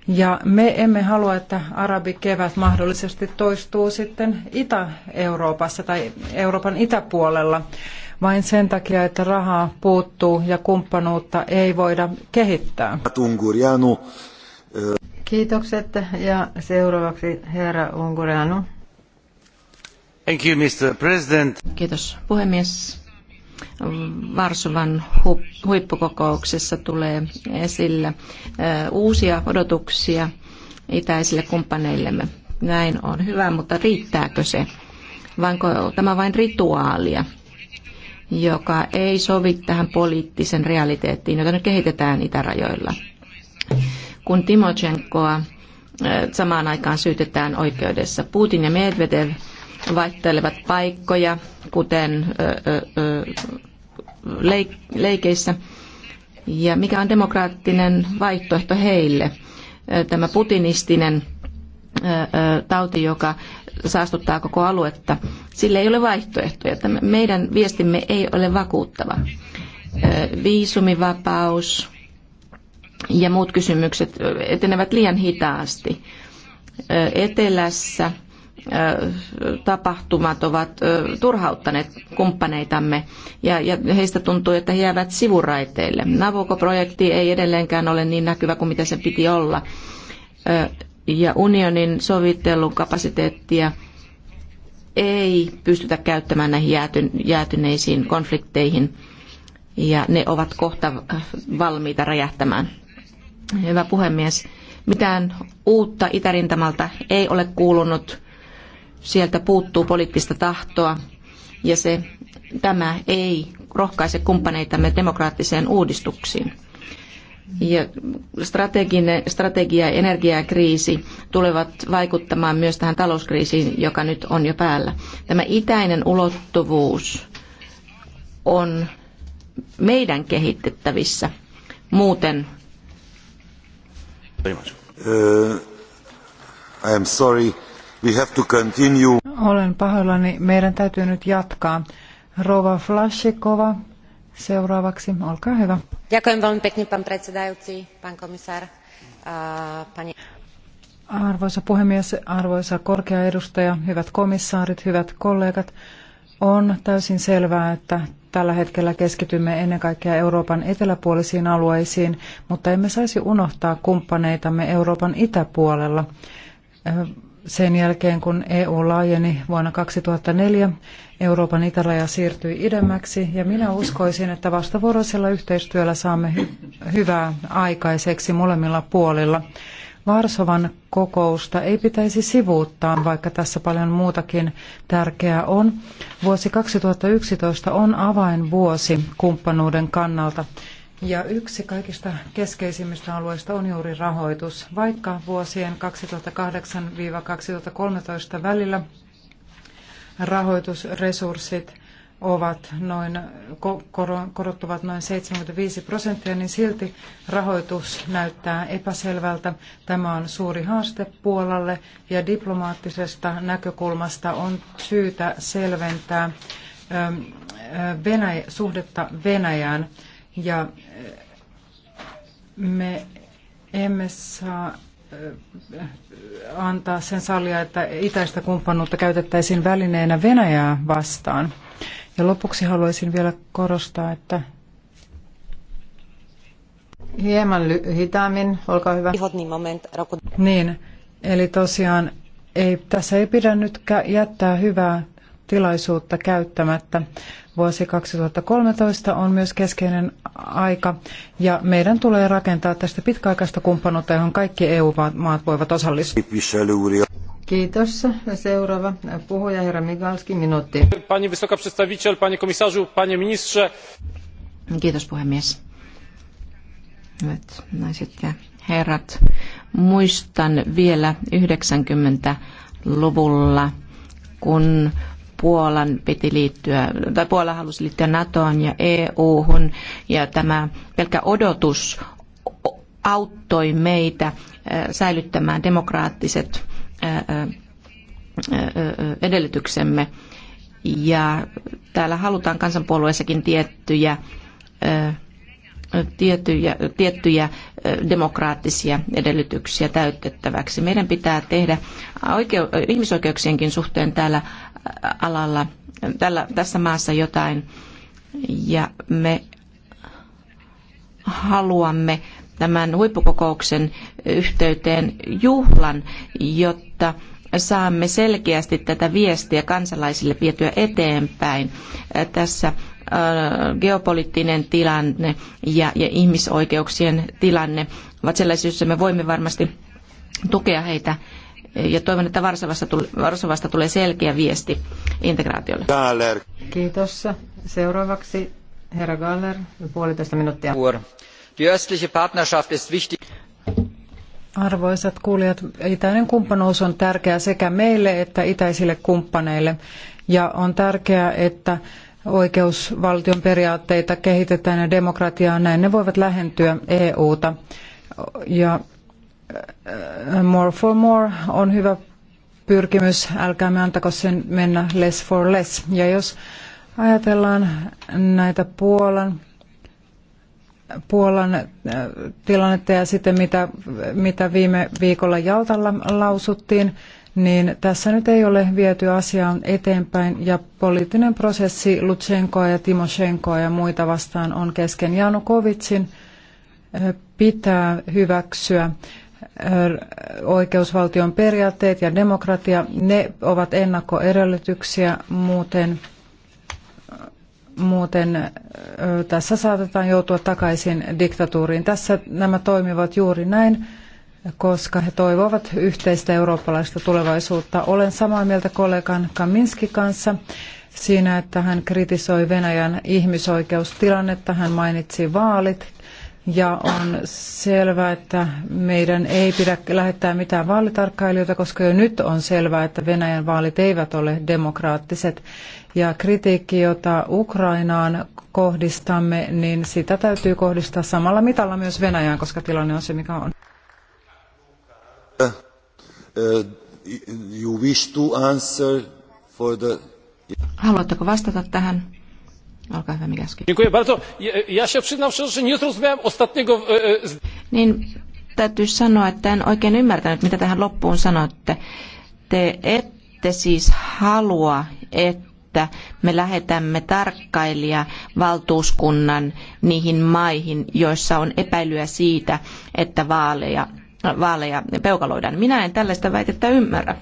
Ja me emme halua, että arabikevät mahdollisesti toistuu sitten Itä-Euroopassa tai Euroopan itäpuolella vain sen takia, että rahaa puuttuu ja kumppanuutta ei voida kehittää. Kiitokset ja seuraavaksi herra Unguriano. Thank you, Mr. President. Kiitos puhemies. Varsovan huippukokouksessa tulee esille uusia odotuksia itäisille kumppaneillemme. Näin on hyvä, mutta riittääkö se? Vaanko tämä vain rituaalia, joka ei sovi tähän poliittisen realiteettiin, jota nyt kehitetään itärajoilla? Kun Timochenkoa samaan aikaan syytetään oikeudessa, Putin ja Medvedev vaihtelevat paikkoja, kuten leikeissä. Ja mikä on demokraattinen vaihtoehto heille? Tämä putinistinen tauti, joka saastuttaa koko aluetta, sille ei ole vaihtoehtoja. Tämä meidän viestimme ei ole vakuuttava. Viisumivapaus ja muut kysymykset etenevät liian hitaasti. Etelässä tapahtumat ovat turhauttaneet kumppaneitamme ja, heistä tuntuu, että he jäävät sivuraiteille. Nabucco-projekti ei edelleenkään ole niin näkyvä kuin mitä sen piti olla. Ja unionin sovittelun kapasiteettia ei pystytä käyttämään näihin jäätyneisiin konflikteihin ja ne ovat kohta valmiita räjähtämään. Hyvä puhemies, mitään uutta itärintamalta ei ole kuulunut Sieltä puuttuu poliittista tahtoa ja se, tämä ei rohkaise kumppaneitamme demokraattiseen uudistuksiin. Ja strategia, ja energiakriisi tulevat vaikuttamaan myös tähän talouskriisiin, joka nyt on jo päällä. Tämä itäinen ulottuvuus on meidän kehitettävissä. Muuten... Uh, I am sorry. We have to continue. Olen pahoillani. Meidän täytyy nyt jatkaa. Rova Flashikova seuraavaksi. Olkaa hyvä. Arvoisa puhemies, arvoisa korkea edustaja, hyvät komissaarit, hyvät kollegat. On täysin selvää, että tällä hetkellä keskitymme ennen kaikkea Euroopan eteläpuolisiin alueisiin, mutta emme saisi unohtaa kumppaneitamme Euroopan itäpuolella sen jälkeen, kun EU laajeni vuonna 2004, Euroopan itäraja siirtyi idemmäksi ja minä uskoisin, että vastavuoroisella yhteistyöllä saamme hy- hyvää aikaiseksi molemmilla puolilla. Varsovan kokousta ei pitäisi sivuuttaa, vaikka tässä paljon muutakin tärkeää on. Vuosi 2011 on avainvuosi kumppanuuden kannalta. Ja yksi kaikista keskeisimmistä alueista on juuri rahoitus. Vaikka vuosien 2008-2013 välillä rahoitusresurssit ovat noin, korottuvat noin 75 prosenttia, niin silti rahoitus näyttää epäselvältä. Tämä on suuri haaste Puolalle ja diplomaattisesta näkökulmasta on syytä selventää Venäjä, suhdetta Venäjään. Ja e, me emme saa e, antaa sen sallia, että itäistä kumppanuutta käytettäisiin välineenä Venäjää vastaan. Ja lopuksi haluaisin vielä korostaa, että hieman hitaammin, olkaa hyvä. Niin, eli tosiaan ei, tässä ei pidä nyt jättää hyvää tilaisuutta käyttämättä. Vuosi 2013 on myös keskeinen aika ja meidän tulee rakentaa tästä pitkäaikaista kumppanuutta, johon kaikki EU-maat voivat osallistua. Kiitos. Seuraava puhuja, herra Migalski, minuutti. Pani wysoka przedstawiciel, panie komisarzu, panie ministrze. Kiitos puhemies. Hyvät naiset ja herrat, muistan vielä 90-luvulla, kun Puolan piti liittyä, tai Puola halusi liittyä NATOon ja EU-hun, ja tämä pelkkä odotus auttoi meitä säilyttämään demokraattiset edellytyksemme. Ja täällä halutaan kansanpuolueessakin tiettyjä, tiettyjä, tiettyjä demokraattisia edellytyksiä täytettäväksi. Meidän pitää tehdä oikeu- ihmisoikeuksienkin suhteen täällä alalla, tällä, tässä maassa jotain. Ja me haluamme tämän huippukokouksen yhteyteen juhlan, jotta saamme selkeästi tätä viestiä kansalaisille vietyä eteenpäin. Tässä äh, geopoliittinen tilanne ja, ja ihmisoikeuksien tilanne ovat sellaisia, joissa me voimme varmasti tukea heitä ja toivon, että Varsovasta, tuli, Varsovasta tulee selkeä viesti integraatiolle. Galler. Kiitos. Seuraavaksi herra Galler, puolitoista minuuttia. Die östliche Partnerschaft ist wichtig. Arvoisat kuulijat, itäinen kumppanuus on tärkeä sekä meille että itäisille kumppaneille. Ja on tärkeää, että oikeusvaltion periaatteita kehitetään ja demokratiaa, näin ne voivat lähentyä EUta. Ja more for more on hyvä pyrkimys, älkäämme antako sen mennä less for less. Ja jos ajatellaan näitä Puolan, Puolan äh, tilannetta ja sitten mitä, mitä viime viikolla Jaltalla lausuttiin, niin tässä nyt ei ole viety asiaa eteenpäin ja poliittinen prosessi Lutsenkoa ja Timoshenkoa ja muita vastaan on kesken. Janukovitsin äh, pitää hyväksyä oikeusvaltion periaatteet ja demokratia, ne ovat ennakkoedellytyksiä, muuten, muuten tässä saatetaan joutua takaisin diktatuuriin. Tässä nämä toimivat juuri näin, koska he toivovat yhteistä eurooppalaista tulevaisuutta. Olen samaa mieltä kollegan Kaminski kanssa siinä, että hän kritisoi Venäjän ihmisoikeustilannetta. Hän mainitsi vaalit ja on selvää, että meidän ei pidä lähettää mitään vaalitarkkailijoita, koska jo nyt on selvää, että Venäjän vaalit eivät ole demokraattiset. Ja kritiikki, jota Ukrainaan kohdistamme, niin sitä täytyy kohdistaa samalla mitalla myös Venäjään, koska tilanne on se, mikä on. Haluatteko vastata tähän? Olkaa hyvä, Dziękuję bardzo. Ja się przyznam szczerze, że nie zrozumiałem ostatniego... E, e, niin, täytyy sanoa, että en oikein ymmärtänyt, mitä tähän loppuun sanoitte. Te ette siis halua, että me lähetämme tarkkailija valtuuskunnan niihin maihin, joissa on epäilyä siitä, että vaaleja, vaaleja peukaloidaan. Minä en tällaista väitettä ymmärrä.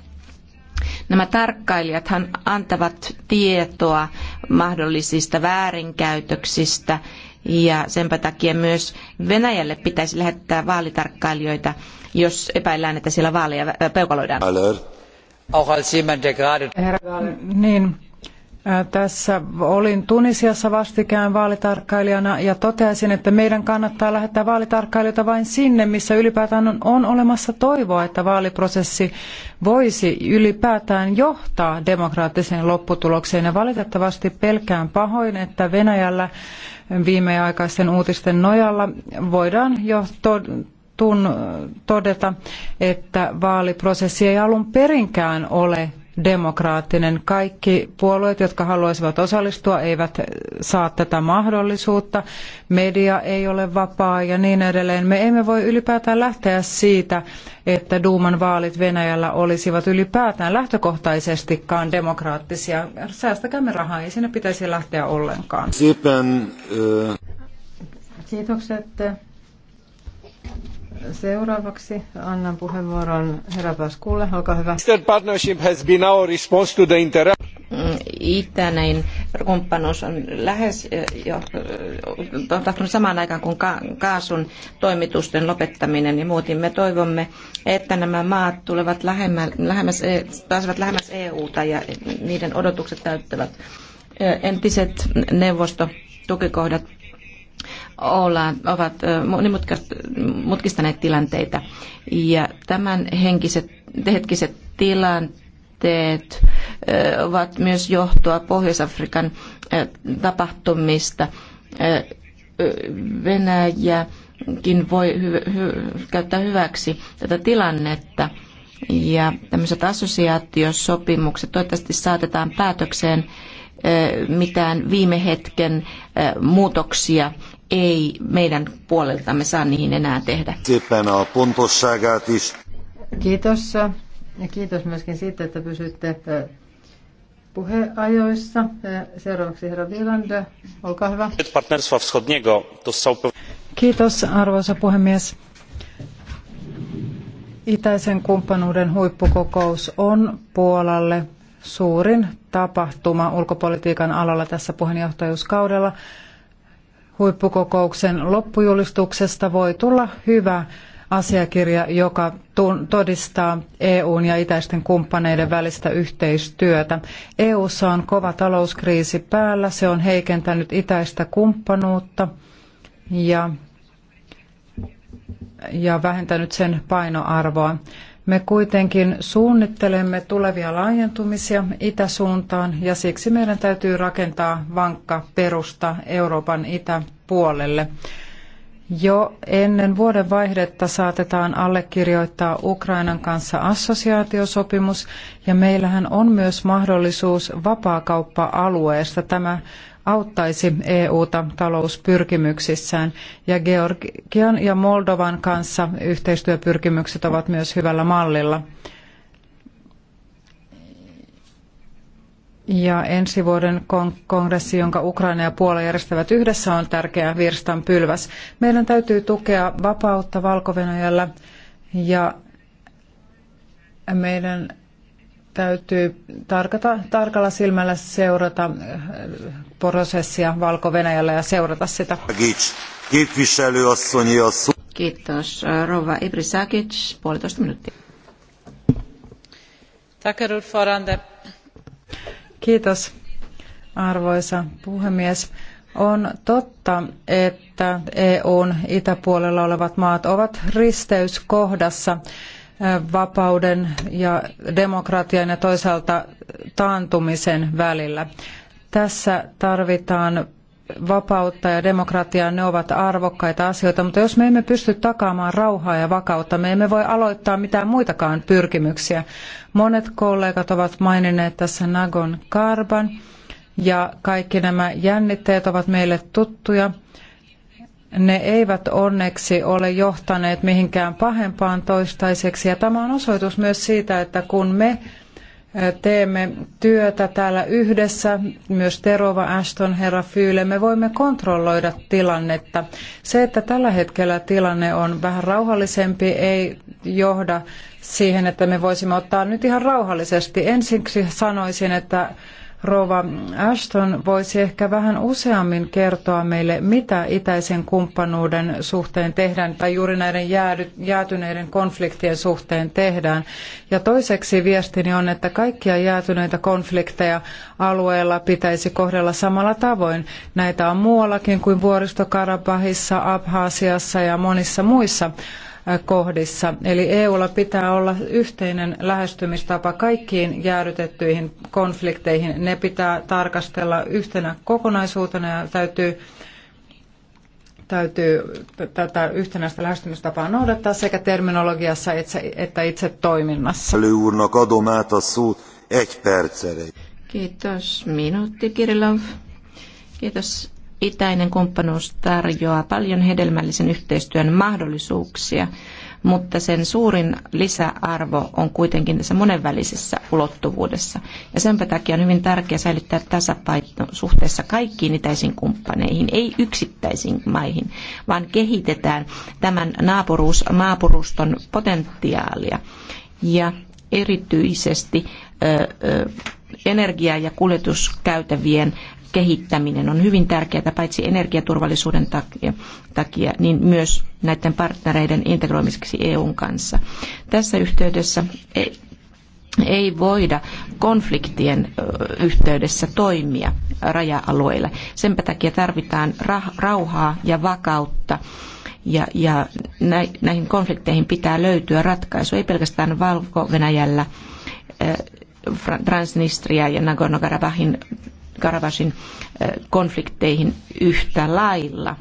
Nämä tarkkailijathan antavat tietoa mahdollisista väärinkäytöksistä ja senpä takia myös Venäjälle pitäisi lähettää vaalitarkkailijoita, jos epäillään, että siellä vaaleja äh, peukaloidaan. Herra, niin, tässä olin Tunisiassa vastikään vaalitarkkailijana ja toteaisin, että meidän kannattaa lähettää vaalitarkkailijoita vain sinne, missä ylipäätään on, on olemassa toivoa, että vaaliprosessi voisi ylipäätään johtaa demokraattiseen lopputulokseen. Ja valitettavasti pelkään pahoin, että Venäjällä viimeaikaisten uutisten nojalla voidaan jo todeta, että vaaliprosessi ei alun perinkään ole demokraattinen. Kaikki puolueet, jotka haluaisivat osallistua, eivät saa tätä mahdollisuutta. Media ei ole vapaa ja niin edelleen. Me emme voi ylipäätään lähteä siitä, että Duuman vaalit Venäjällä olisivat ylipäätään lähtökohtaisestikaan demokraattisia. Säästäkäämme rahaa, ei sinne pitäisi lähteä ollenkaan. Kiitokset. Seuraavaksi annan puheenvuoron herra Paskulle. Olkaa hyvä. Eastern Partnership has been our response to the interrupt. Mm, itäinen kumppanuus on lähes eh, jo eh, tapahtunut samaan aikaan kuin kaasun toimitusten lopettaminen ja muutin me toivomme, että nämä maat tulevat lähemmäs, e-, pääsevät lähemmäs EUta ja niiden odotukset täyttävät eh, entiset neuvosto tukikohdat ollaan, ovat mutkistaneet tilanteita. Ja tämän henkiset, hetkiset tilanteet ovat myös johtoa Pohjois-Afrikan tapahtumista. Venäjäkin voi hy- hy- käyttää hyväksi tätä tilannetta. Ja tämmöiset assosiaatiosopimukset toivottavasti saatetaan päätökseen mitään viime hetken muutoksia ei meidän puoleltamme saa niihin enää tehdä. Kiitos. Ja kiitos myöskin siitä, että pysytte puheajoissa. Seuraavaksi herra Wieland, olkaa hyvä. Kiitos arvoisa puhemies. Itäisen kumppanuuden huippukokous on Puolalle suurin tapahtuma ulkopolitiikan alalla tässä puheenjohtajuuskaudella huippukokouksen loppujulistuksesta voi tulla hyvä asiakirja, joka todistaa EUn ja itäisten kumppaneiden välistä yhteistyötä. EUssa on kova talouskriisi päällä, se on heikentänyt itäistä kumppanuutta ja, ja vähentänyt sen painoarvoa. Me kuitenkin suunnittelemme tulevia laajentumisia itäsuuntaan ja siksi meidän täytyy rakentaa vankka perusta Euroopan itäpuolelle. Jo ennen vuoden vaihdetta saatetaan allekirjoittaa Ukrainan kanssa assosiaatiosopimus ja meillähän on myös mahdollisuus vapaakauppa-alueesta. Tämä auttaisi EUta talouspyrkimyksissään. Ja Georgian ja Moldovan kanssa yhteistyöpyrkimykset ovat myös hyvällä mallilla. Ja ensi vuoden kongressi, jonka Ukraina ja Puola järjestävät yhdessä, on tärkeä virstanpylväs. Meidän täytyy tukea vapautta valko ja meidän täytyy tarkata, tarkalla silmällä seurata prosessia valko ja seurata sitä. Kiitos. Rova Ibrisakic, puolitoista minuuttia. Kiitos, arvoisa puhemies. On totta, että EUn itäpuolella olevat maat ovat risteyskohdassa äh, vapauden ja demokratian ja toisaalta taantumisen välillä. Tässä tarvitaan vapautta ja demokratiaa, ne ovat arvokkaita asioita, mutta jos me emme pysty takaamaan rauhaa ja vakautta, me emme voi aloittaa mitään muitakaan pyrkimyksiä. Monet kollegat ovat maininneet tässä Nagon Karban ja kaikki nämä jännitteet ovat meille tuttuja. Ne eivät onneksi ole johtaneet mihinkään pahempaan toistaiseksi ja tämä on osoitus myös siitä, että kun me teemme työtä täällä yhdessä, myös Terova, Ashton, herra Fyyle, me voimme kontrolloida tilannetta. Se, että tällä hetkellä tilanne on vähän rauhallisempi, ei johda siihen, että me voisimme ottaa nyt ihan rauhallisesti. Ensiksi sanoisin, että Rova Ashton voisi ehkä vähän useammin kertoa meille, mitä itäisen kumppanuuden suhteen tehdään tai juuri näiden jäätyneiden konfliktien suhteen tehdään. Ja toiseksi viestini on, että kaikkia jäätyneitä konflikteja alueella pitäisi kohdella samalla tavoin. Näitä on muuallakin kuin Vuoristo-Karabahissa, Abhaasiassa ja monissa muissa kohdissa. Eli EUlla pitää olla yhteinen lähestymistapa kaikkiin jäädytettyihin konflikteihin. Ne pitää tarkastella yhtenä kokonaisuutena ja täytyy täytyy tätä yhtenäistä lähestymistapaa noudattaa sekä terminologiassa että itse toiminnassa. Kiitos. Minuutti, Kiitos itäinen kumppanuus tarjoaa paljon hedelmällisen yhteistyön mahdollisuuksia, mutta sen suurin lisäarvo on kuitenkin tässä monenvälisessä ulottuvuudessa. Ja sen takia on hyvin tärkeää säilyttää tasapaino suhteessa kaikkiin itäisiin kumppaneihin, ei yksittäisiin maihin, vaan kehitetään tämän naapuruus, naapuruston potentiaalia. Ja erityisesti ö, ö, energia- ja kuljetuskäytävien kehittäminen on hyvin tärkeää paitsi energiaturvallisuuden takia, takia niin myös näiden partnereiden integroimiseksi EUn kanssa. Tässä yhteydessä ei, ei voida konfliktien yhteydessä toimia raja-alueilla. Sen takia tarvitaan rauhaa ja vakautta ja, ja näihin konflikteihin pitää löytyä ratkaisu, ei pelkästään Valko-Venäjällä, Transnistria ja Nagorno-Karabahin Karavasin konflikteihin yhtä lailla.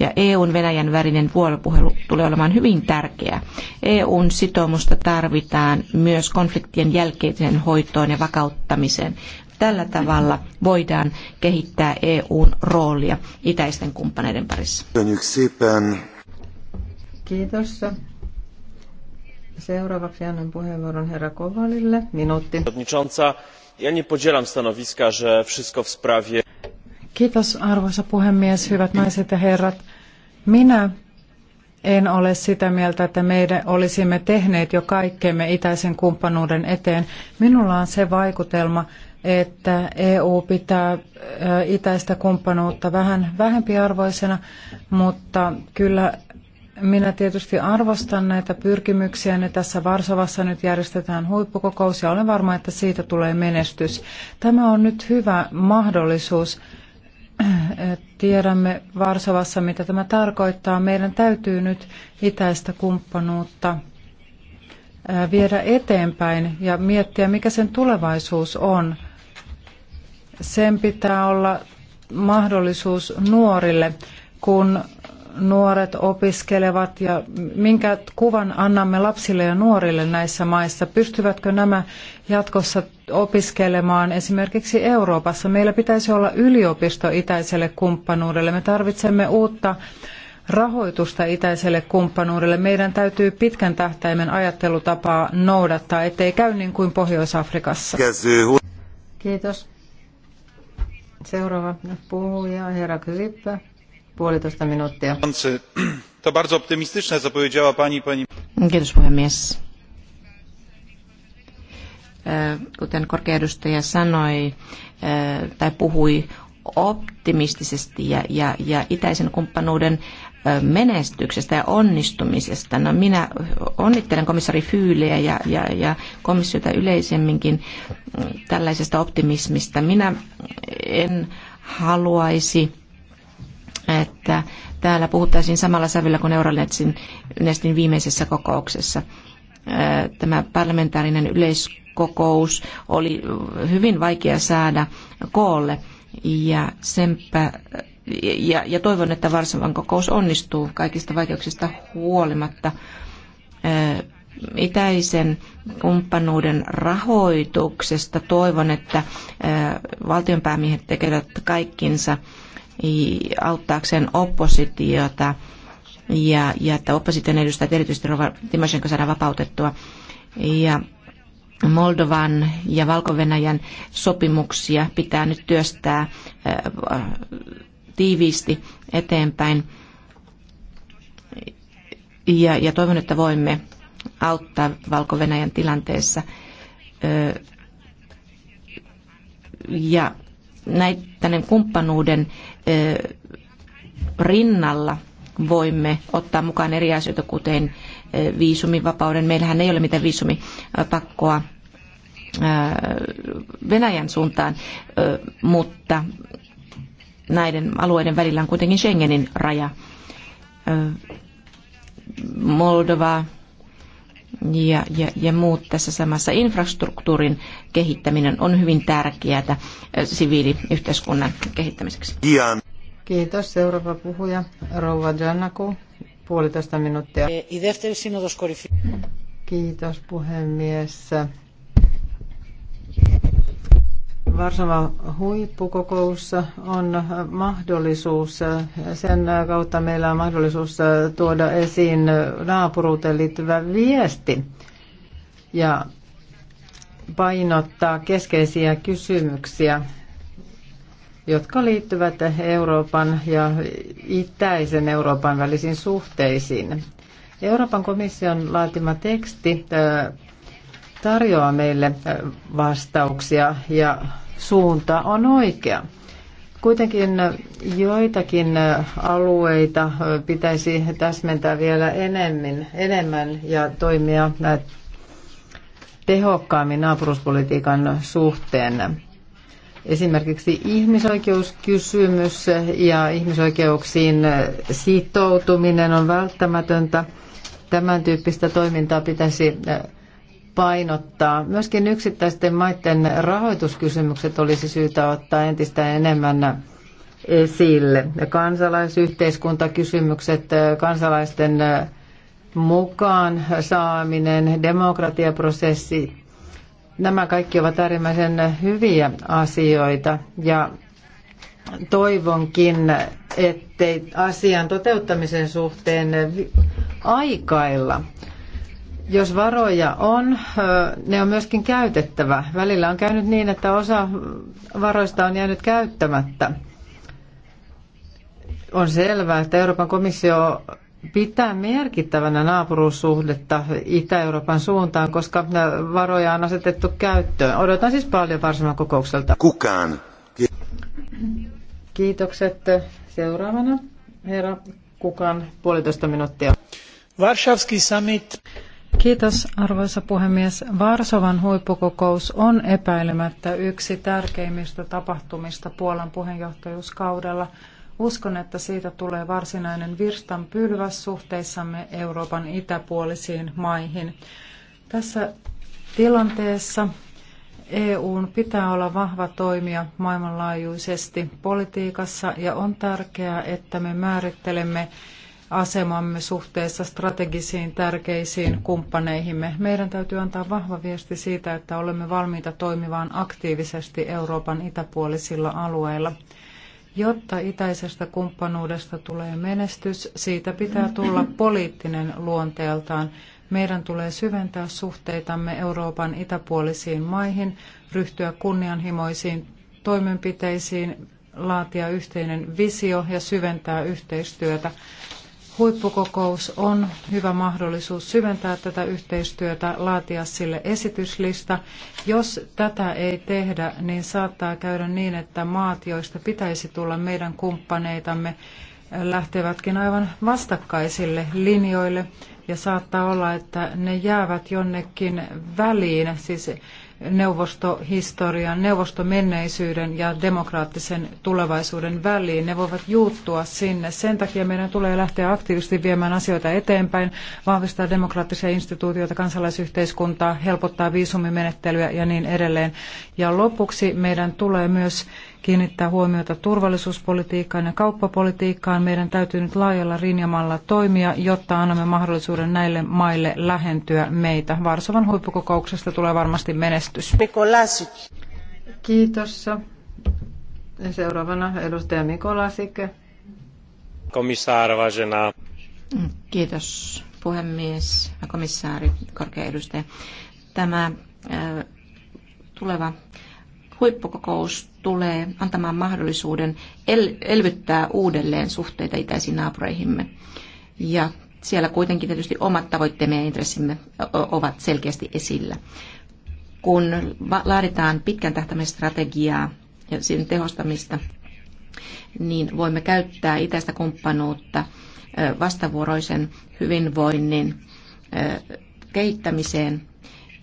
Ja EUn Venäjän välinen vuoropuhelu tulee olemaan hyvin tärkeä. EUn sitoumusta tarvitaan myös konfliktien jälkeiseen hoitoon ja vakauttamiseen. Tällä tavalla voidaan kehittää EUn roolia itäisten kumppaneiden parissa. Kiitos. Seuraavaksi annan puheenvuoron herra Kovalille. Minuutti ja nie podzielam stanowiska, że wszystko w sprawie... Kiitos arvoisa puhemies, hyvät naiset ja herrat. Minä en ole sitä mieltä, että meidän olisimme tehneet jo kaikkemme itäisen kumppanuuden eteen. Minulla on se vaikutelma, että EU pitää itäistä kumppanuutta vähän vähempiarvoisena, mutta kyllä minä tietysti arvostan näitä pyrkimyksiä. Ne tässä Varsovassa nyt järjestetään huippukokous ja olen varma, että siitä tulee menestys. Tämä on nyt hyvä mahdollisuus. Tiedämme Varsovassa, mitä tämä tarkoittaa. Meidän täytyy nyt itäistä kumppanuutta viedä eteenpäin ja miettiä, mikä sen tulevaisuus on. Sen pitää olla mahdollisuus nuorille, kun nuoret opiskelevat ja minkä kuvan annamme lapsille ja nuorille näissä maissa? Pystyvätkö nämä jatkossa opiskelemaan esimerkiksi Euroopassa? Meillä pitäisi olla yliopisto itäiselle kumppanuudelle. Me tarvitsemme uutta rahoitusta itäiselle kumppanuudelle. Meidän täytyy pitkän tähtäimen ajattelutapaa noudattaa, ettei käy niin kuin Pohjois-Afrikassa. Kiitos. Seuraava puhuja, herra Kryppä. To bardzo optymistyczne, co powiedziała pani, puhemies. E, kuten korkea edustaja sanoi e, tai puhui optimistisesti ja, ja, ja itäisen kumppanuuden e, menestyksestä ja onnistumisesta. No minä onnittelen komissari Fyyliä ja, ja, ja komissiota yleisemminkin tällaisesta optimismista. Minä en haluaisi että täällä puhuttaisiin samalla sävyllä kuin Euronestin viimeisessä kokouksessa. Tämä parlamentaarinen yleiskokous oli hyvin vaikea saada koolle ja senpä ja, ja toivon, että Varsovan kokous onnistuu kaikista vaikeuksista huolimatta. Itäisen kumppanuuden rahoituksesta toivon, että valtionpäämiehet tekevät kaikkinsa auttaakseen oppositiota ja, ja että opposition edustajat erityisesti Rova Timoshenko saadaan vapautettua. Ja Moldovan ja valko sopimuksia pitää nyt työstää äh, tiiviisti eteenpäin. Ja, ja toivon, että voimme auttaa valko tilanteessa. Äh, ja näiden kumppanuuden rinnalla voimme ottaa mukaan eri asioita, kuten viisumivapauden. Meillähän ei ole mitään viisumipakkoa Venäjän suuntaan, mutta näiden alueiden välillä on kuitenkin Schengenin raja. Moldova, ja, ja, ja muut tässä samassa infrastruktuurin kehittäminen on hyvin tärkeää äh, siviiliyhteiskunnan kehittämiseksi. Kiitos. Seuraava puhuja, Rouva Janaku, puolitoista minuuttia. Kiitos puhemies. Varsava huippukokous on mahdollisuus. Sen kautta meillä on mahdollisuus tuoda esiin naapuruuteen liittyvä viesti ja painottaa keskeisiä kysymyksiä, jotka liittyvät Euroopan ja itäisen Euroopan välisiin suhteisiin. Euroopan komission laatima teksti äh, tarjoaa meille äh, vastauksia ja suunta on oikea. Kuitenkin joitakin alueita pitäisi täsmentää vielä enemmän, enemmän ja toimia tehokkaammin naapuruspolitiikan suhteen. Esimerkiksi ihmisoikeuskysymys ja ihmisoikeuksiin sitoutuminen on välttämätöntä. Tämän tyyppistä toimintaa pitäisi painottaa. Myöskin yksittäisten maiden rahoituskysymykset olisi syytä ottaa entistä enemmän esille. Kansalaisyhteiskuntakysymykset, kansalaisten mukaan saaminen, demokratiaprosessi, nämä kaikki ovat äärimmäisen hyviä asioita ja toivonkin, ettei asian toteuttamisen suhteen aikailla jos varoja on, ne on myöskin käytettävä. Välillä on käynyt niin, että osa varoista on jäänyt käyttämättä. On selvää, että Euroopan komissio pitää merkittävänä naapuruussuhdetta Itä-Euroopan suuntaan, koska varoja on asetettu käyttöön. Odotan siis paljon varsinaan kokoukselta. Kukaan. Kiitokset. Seuraavana herra Kukan puolitoista minuuttia. Varsavski summit Kiitos, arvoisa puhemies. Varsovan huippukokous on epäilemättä yksi tärkeimmistä tapahtumista Puolan puheenjohtajuuskaudella. Uskon, että siitä tulee varsinainen virstan pylväs suhteissamme Euroopan itäpuolisiin maihin. Tässä tilanteessa EUn pitää olla vahva toimija maailmanlaajuisesti politiikassa ja on tärkeää, että me määrittelemme asemamme suhteessa strategisiin tärkeisiin kumppaneihimme. Meidän täytyy antaa vahva viesti siitä, että olemme valmiita toimimaan aktiivisesti Euroopan itäpuolisilla alueilla. Jotta itäisestä kumppanuudesta tulee menestys, siitä pitää tulla poliittinen luonteeltaan. Meidän tulee syventää suhteitamme Euroopan itäpuolisiin maihin, ryhtyä kunnianhimoisiin toimenpiteisiin, laatia yhteinen visio ja syventää yhteistyötä. Huippukokous on hyvä mahdollisuus syventää tätä yhteistyötä, laatia sille esityslista. Jos tätä ei tehdä, niin saattaa käydä niin, että maat, joista pitäisi tulla meidän kumppaneitamme, lähtevätkin aivan vastakkaisille linjoille ja saattaa olla, että ne jäävät jonnekin väliin, siis neuvostohistorian, neuvostomenneisyyden ja demokraattisen tulevaisuuden väliin. Ne voivat juuttua sinne. Sen takia meidän tulee lähteä aktiivisesti viemään asioita eteenpäin, vahvistaa demokraattisia instituutioita, kansalaisyhteiskuntaa, helpottaa viisumimenettelyä ja niin edelleen. Ja lopuksi meidän tulee myös kiinnittää huomiota turvallisuuspolitiikkaan ja kauppapolitiikkaan. Meidän täytyy nyt laajalla rinjamalla toimia, jotta annamme mahdollisuuden näille maille lähentyä meitä. Varsovan huippukokouksesta tulee varmasti menestys. Kiitos. Seuraavana edustaja Mikolasik. Komissaar, Kiitos puhemies ja komissaari, korkea edustaja. Tämä äh, tuleva huippukokous tulee antamaan mahdollisuuden el- elvyttää uudelleen suhteita itäisiin naapureihimme. Ja siellä kuitenkin tietysti omat tavoitteemme ja intressimme ovat selkeästi esillä. Kun laaditaan pitkän tähtäimen strategiaa ja sen tehostamista, niin voimme käyttää itäistä kumppanuutta vastavuoroisen hyvinvoinnin kehittämiseen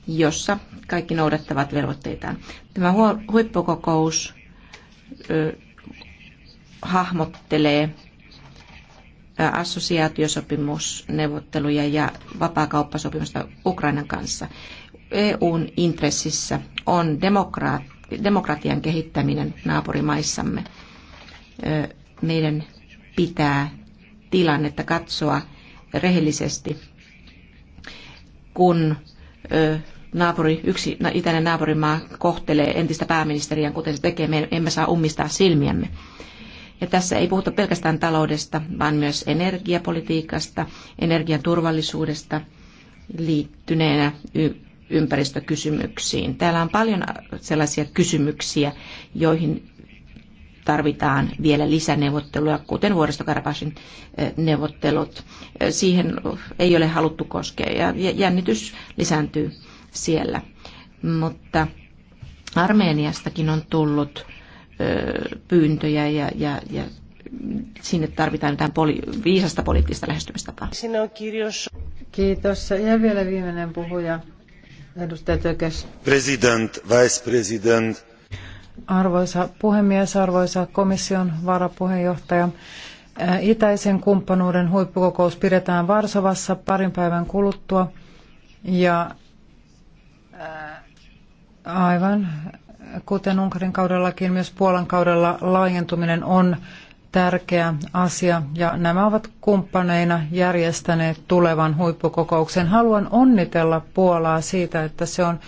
jossa kaikki noudattavat velvoitteitaan. Tämä huippukokous ö, hahmottelee assosiaatiosopimusneuvotteluja ja vapaakauppasopimusta Ukrainan kanssa. EUn intressissä on demokratian kehittäminen naapurimaissamme. Meidän pitää tilannetta katsoa rehellisesti, kun naapuri, yksi itäinen naapurimaa kohtelee entistä pääministeriä, kuten se tekee, me emme saa ummistaa silmiämme. Ja tässä ei puhuta pelkästään taloudesta, vaan myös energiapolitiikasta, energian turvallisuudesta liittyneenä ympäristökysymyksiin. Täällä on paljon sellaisia kysymyksiä, joihin tarvitaan vielä lisäneuvotteluja, kuten vuoristokarapasin neuvottelut. Siihen ei ole haluttu koskea ja jännitys lisääntyy siellä. Mutta Armeeniastakin on tullut pyyntöjä ja, ja, ja sinne tarvitaan jotain poli- viisasta poliittista lähestymistapaa. Sinne on kirjos. Kiitos. Ja vielä viimeinen puhuja, edustaja Tökes. President, vice president. Arvoisa puhemies, arvoisa komission varapuheenjohtaja. Itäisen kumppanuuden huippukokous pidetään Varsovassa parin päivän kuluttua. Ja Aivan. Kuten Unkarin kaudellakin, myös Puolan kaudella laajentuminen on tärkeä asia ja nämä ovat kumppaneina järjestäneet tulevan huippukokouksen. Haluan onnitella Puolaa siitä, että se on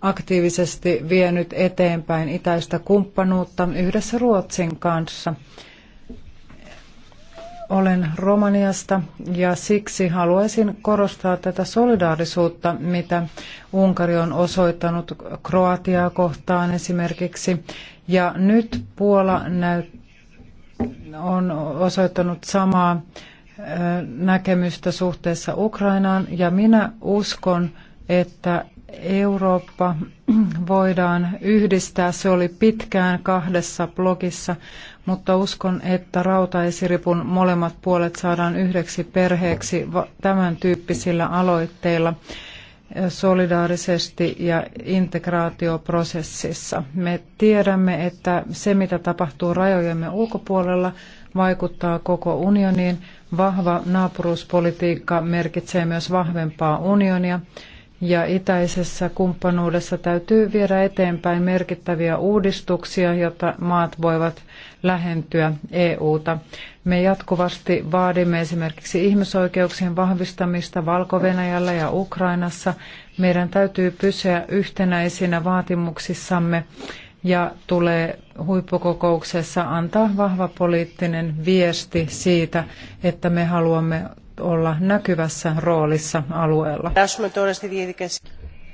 aktiivisesti vienyt eteenpäin itäistä kumppanuutta yhdessä Ruotsin kanssa. Olen Romaniasta ja siksi haluaisin korostaa tätä solidaarisuutta, mitä Unkari on osoittanut Kroatiaa kohtaan esimerkiksi. Ja nyt Puola on osoittanut samaa näkemystä suhteessa Ukrainaan ja minä uskon, että Eurooppa voidaan yhdistää. Se oli pitkään kahdessa blogissa, mutta uskon, että rautaesiripun molemmat puolet saadaan yhdeksi perheeksi tämän tyyppisillä aloitteilla solidaarisesti ja integraatioprosessissa. Me tiedämme, että se mitä tapahtuu rajojemme ulkopuolella vaikuttaa koko unioniin. Vahva naapuruuspolitiikka merkitsee myös vahvempaa unionia ja itäisessä kumppanuudessa täytyy viedä eteenpäin merkittäviä uudistuksia, jotta maat voivat lähentyä EUta. Me jatkuvasti vaadimme esimerkiksi ihmisoikeuksien vahvistamista valko ja Ukrainassa. Meidän täytyy pysyä yhtenäisinä vaatimuksissamme ja tulee huippukokouksessa antaa vahva poliittinen viesti siitä, että me haluamme olla näkyvässä roolissa alueella.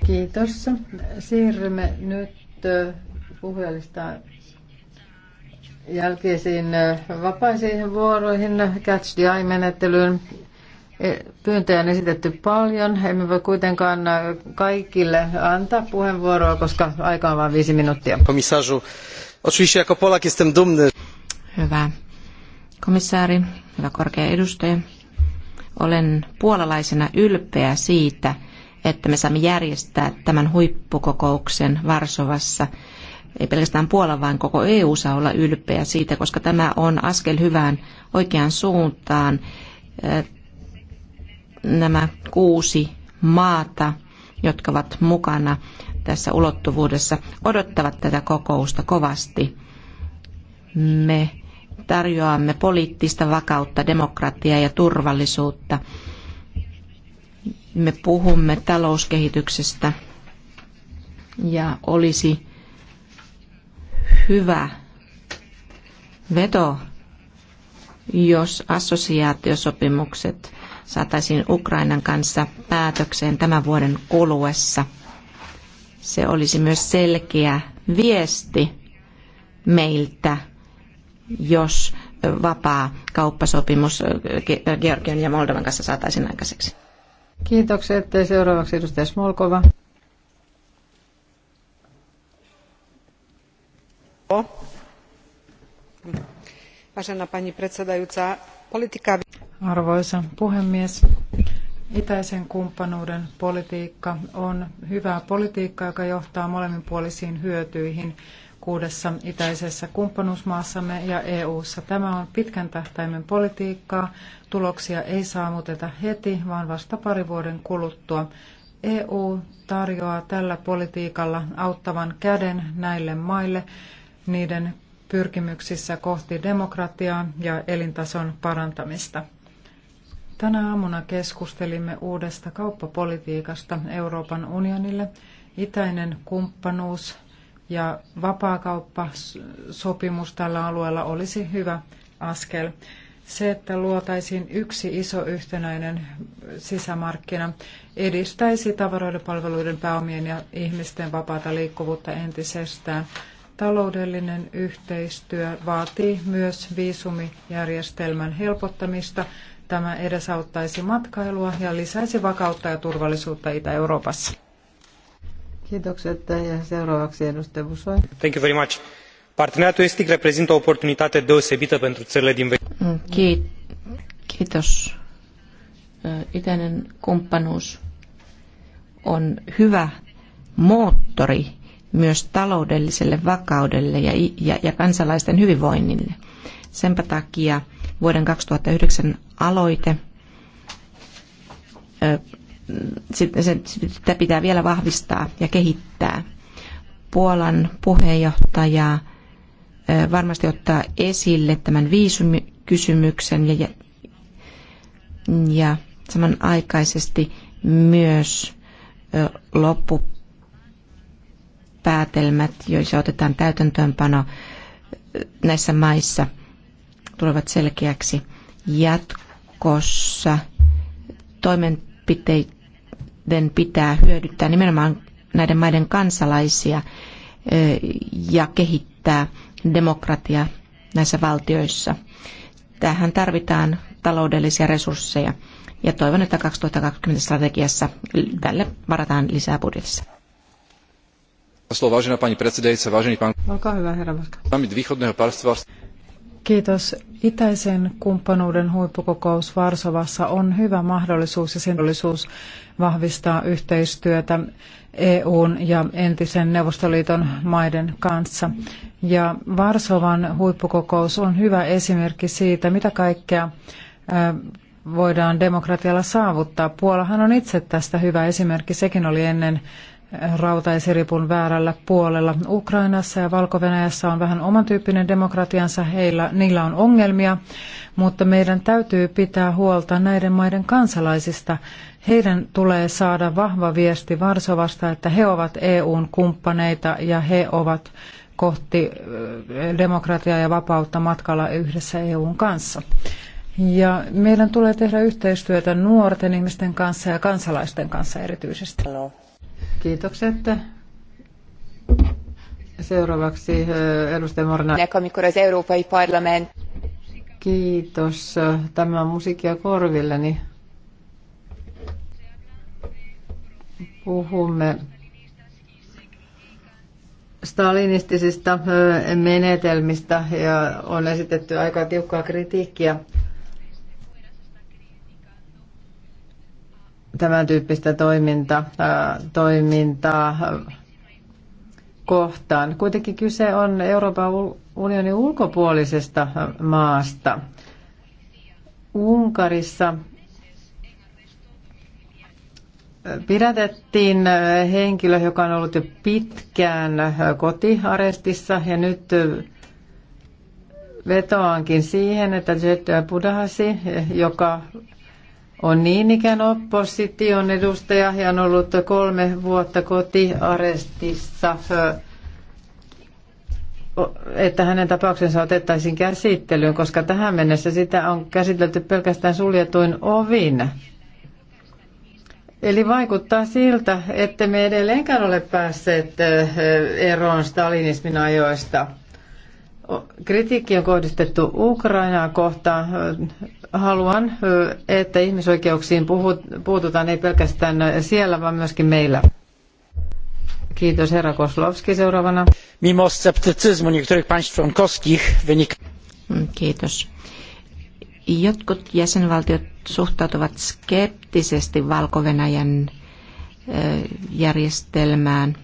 Kiitos. Siirrymme nyt äh, puhujalistaa jälkeisiin äh, vapaisiin vuoroihin, catch the eye-menettelyyn. E, pyyntöjä on esitetty paljon. Emme voi kuitenkaan äh, kaikille antaa puheenvuoroa, koska aika on vain viisi minuuttia. Komisarzu, oczywiście jako Polak jestem dumny. Hyvä komissaari, hyvä korkea edustaja. Olen puolalaisena ylpeä siitä, että me saamme järjestää tämän huippukokouksen Varsovassa. Ei pelkästään Puola, vaan koko EU saa olla ylpeä siitä, koska tämä on askel hyvään oikeaan suuntaan. Nämä kuusi maata, jotka ovat mukana tässä ulottuvuudessa, odottavat tätä kokousta kovasti. Me tarjoamme poliittista vakautta, demokratiaa ja turvallisuutta. Me puhumme talouskehityksestä ja olisi hyvä veto, jos assosiaatiosopimukset saataisiin Ukrainan kanssa päätökseen tämän vuoden kuluessa. Se olisi myös selkeä viesti meiltä jos vapaa kauppasopimus Georgian ja Moldovan kanssa saataisiin aikaiseksi. Kiitokset. Seuraavaksi edustaja Smolkova. Arvoisa puhemies, itäisen kumppanuuden politiikka on hyvää politiikkaa, joka johtaa molemminpuolisiin hyötyihin kuudessa itäisessä kumppanuusmaassamme ja EU:ssa. Tämä on pitkän tähtäimen politiikkaa. Tuloksia ei saavuteta heti, vaan vasta pari vuoden kuluttua. EU tarjoaa tällä politiikalla auttavan käden näille maille niiden pyrkimyksissä kohti demokratiaa ja elintason parantamista. Tänä aamuna keskustelimme uudesta kauppapolitiikasta Euroopan unionille. Itäinen kumppanuus ja vapaakauppasopimus tällä alueella olisi hyvä askel. Se, että luotaisiin yksi iso yhtenäinen sisämarkkina, edistäisi tavaroiden, palveluiden, pääomien ja ihmisten vapaata liikkuvuutta entisestään. Taloudellinen yhteistyö vaatii myös viisumijärjestelmän helpottamista. Tämä edesauttaisi matkailua ja lisäisi vakautta ja turvallisuutta Itä-Euroopassa. Kiitokset ja seuraavaksi edustaja Busoi. Thank you very much. Parteneriatul estic reprezintă o oportunitate deosebită pentru țările din vecin. Mm, kiitos. Itäinen kumppanuus on hyvä moottori myös taloudelliselle vakaudelle ja, ja, ja kansalaisten hyvinvoinnille. Senpä takia vuoden 2009 aloite sitä pitää vielä vahvistaa ja kehittää. Puolan puheenjohtaja varmasti ottaa esille tämän viisumikysymyksen ja, ja samanaikaisesti myös loppupäätelmät, joissa otetaan täytäntöönpano näissä maissa, tulevat selkeäksi jatkossa. Toimen toimenpiteiden pitää hyödyttää nimenomaan näiden maiden kansalaisia ja kehittää demokratia näissä valtioissa. Tähän tarvitaan taloudellisia resursseja ja toivon, että 2020 strategiassa tälle varataan lisää budjetissa. Slovo, vážená pani predsedajúca, vážený pán... Olkaa hyvä, herra Vaska. Kiitos. Itäisen kumppanuuden huippukokous Varsovassa on hyvä mahdollisuus ja sen mahdollisuus vahvistaa yhteistyötä EUn ja entisen Neuvostoliiton maiden kanssa. Ja Varsovan huippukokous on hyvä esimerkki siitä, mitä kaikkea voidaan demokratialla saavuttaa. Puolahan on itse tästä hyvä esimerkki, sekin oli ennen rautaisiripun väärällä puolella. Ukrainassa ja valko on vähän oman tyyppinen demokratiansa, heillä, niillä on ongelmia, mutta meidän täytyy pitää huolta näiden maiden kansalaisista. Heidän tulee saada vahva viesti Varsovasta, että he ovat EUn kumppaneita ja he ovat kohti demokratiaa ja vapautta matkalla yhdessä EUn kanssa. Ja meidän tulee tehdä yhteistyötä nuorten ihmisten kanssa ja kansalaisten kanssa erityisesti. No. Kiitokset. Seuraavaksi eh, edustaja Morna. Parlament... Kiitos. Tämä on musiikkia korvilleni. Puhumme stalinistisista eh, menetelmistä ja on esitetty aika tiukkaa kritiikkiä tämän tyyppistä toiminta, toimintaa kohtaan. Kuitenkin kyse on Euroopan unionin ulkopuolisesta maasta. Unkarissa pidätettiin henkilö, joka on ollut jo pitkään kotiarestissa ja nyt vetoankin siihen, että Jed Budahasi, joka on niin ikään opposition edustaja ja on ollut kolme vuotta kotiarestissa, että hänen tapauksensa otettaisiin käsittelyyn, koska tähän mennessä sitä on käsitelty pelkästään suljetuin ovin. Eli vaikuttaa siltä, että me edelleenkään ole päässeet eh, eroon stalinismin ajoista. Kritiikki on kohdistettu Ukrainaa kohtaan haluan, että ihmisoikeuksiin puututaan ei pelkästään siellä, vaan myöskin meillä. Kiitos herra Koslowski seuraavana. Mimo sceptycyzmu niektórych państw członkowskich wynika... Mm, kiitos. Jotkut jäsenvaltiot suhtautuvat skeptisesti valko järjestelmään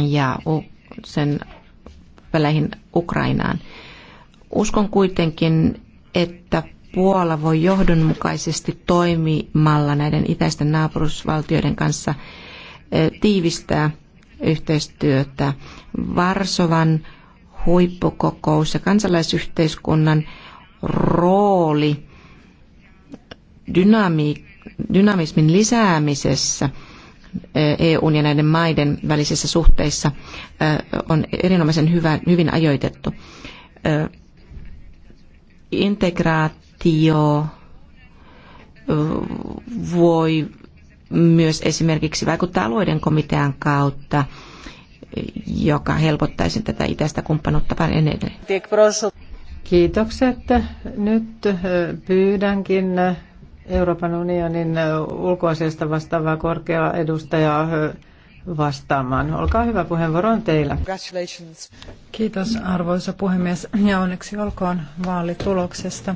ja sen väleihin Ukrainaan. Uskon kuitenkin, että Puola voi johdonmukaisesti toimimalla näiden itäisten naapurusvaltioiden kanssa eh, tiivistää yhteistyötä. Varsovan huippukokous ja kansalaisyhteiskunnan rooli dynami, dynamismin lisäämisessä EUn eh, e ja näiden maiden välisissä suhteissa eh, on erinomaisen hyvä, hyvin ajoitettu integraatio voi myös esimerkiksi vaikuttaa alueiden komitean kautta, joka helpottaisi tätä itäistä kumppanuutta paljon edelleen. Kiitokset. Nyt pyydänkin Euroopan unionin ulkoasiasta vastaavaa korkeaa edustajaa vastaamaan. Olkaa hyvä, puheenvuoro on teillä. Kiitos arvoisa puhemies ja onneksi olkoon vaalituloksesta.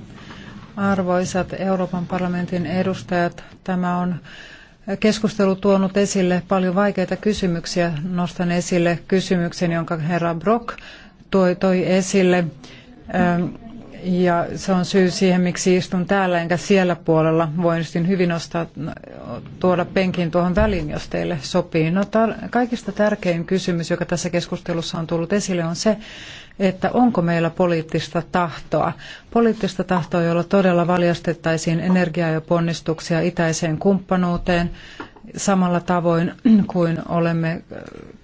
Arvoisat Euroopan parlamentin edustajat, tämä on keskustelu tuonut esille paljon vaikeita kysymyksiä. Nostan esille kysymyksen, jonka herra Brok toi, toi esille. Ähm, ja se on syy siihen, miksi istun täällä enkä siellä puolella. Voin hyvin ostaa, tuoda penkin tuohon väliin, jos teille sopii. No, kaikista tärkein kysymys, joka tässä keskustelussa on tullut esille, on se, että onko meillä poliittista tahtoa. Poliittista tahtoa, jolla todella valjastettaisiin energiaa ja ponnistuksia itäiseen kumppanuuteen samalla tavoin kuin olemme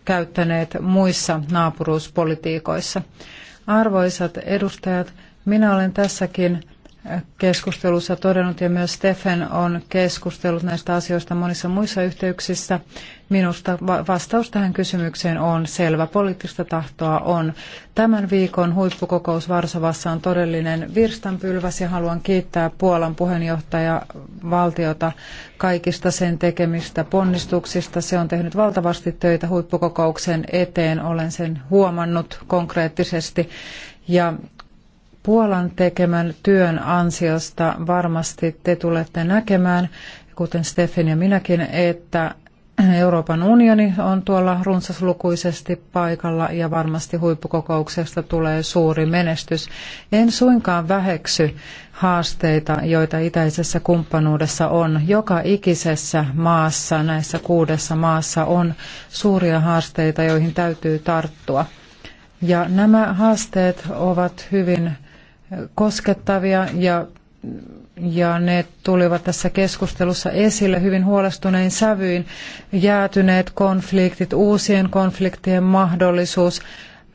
käyttäneet muissa naapuruuspolitiikoissa. Arvoisat edustajat, minä olen tässäkin keskustelussa todennut ja myös Stephen on keskustellut näistä asioista monissa muissa yhteyksissä. Minusta vastaus tähän kysymykseen on selvä. Poliittista tahtoa on. Tämän viikon huippukokous Varsovassa on todellinen virstanpylväs ja haluan kiittää Puolan puheenjohtajavaltiota kaikista sen tekemistä ponnistuksista. Se on tehnyt valtavasti töitä huippukokouksen eteen. Olen sen huomannut konkreettisesti. Ja Puolan tekemän työn ansiosta varmasti te tulette näkemään, kuten Stefan ja minäkin, että Euroopan unioni on tuolla runsaslukuisesti paikalla ja varmasti huippukokouksesta tulee suuri menestys. En suinkaan väheksy haasteita, joita itäisessä kumppanuudessa on. Joka ikisessä maassa, näissä kuudessa maassa on suuria haasteita, joihin täytyy tarttua. Ja nämä haasteet ovat hyvin koskettavia ja, ja ne tulivat tässä keskustelussa esille hyvin huolestunein sävyin. Jäätyneet konfliktit, uusien konfliktien mahdollisuus,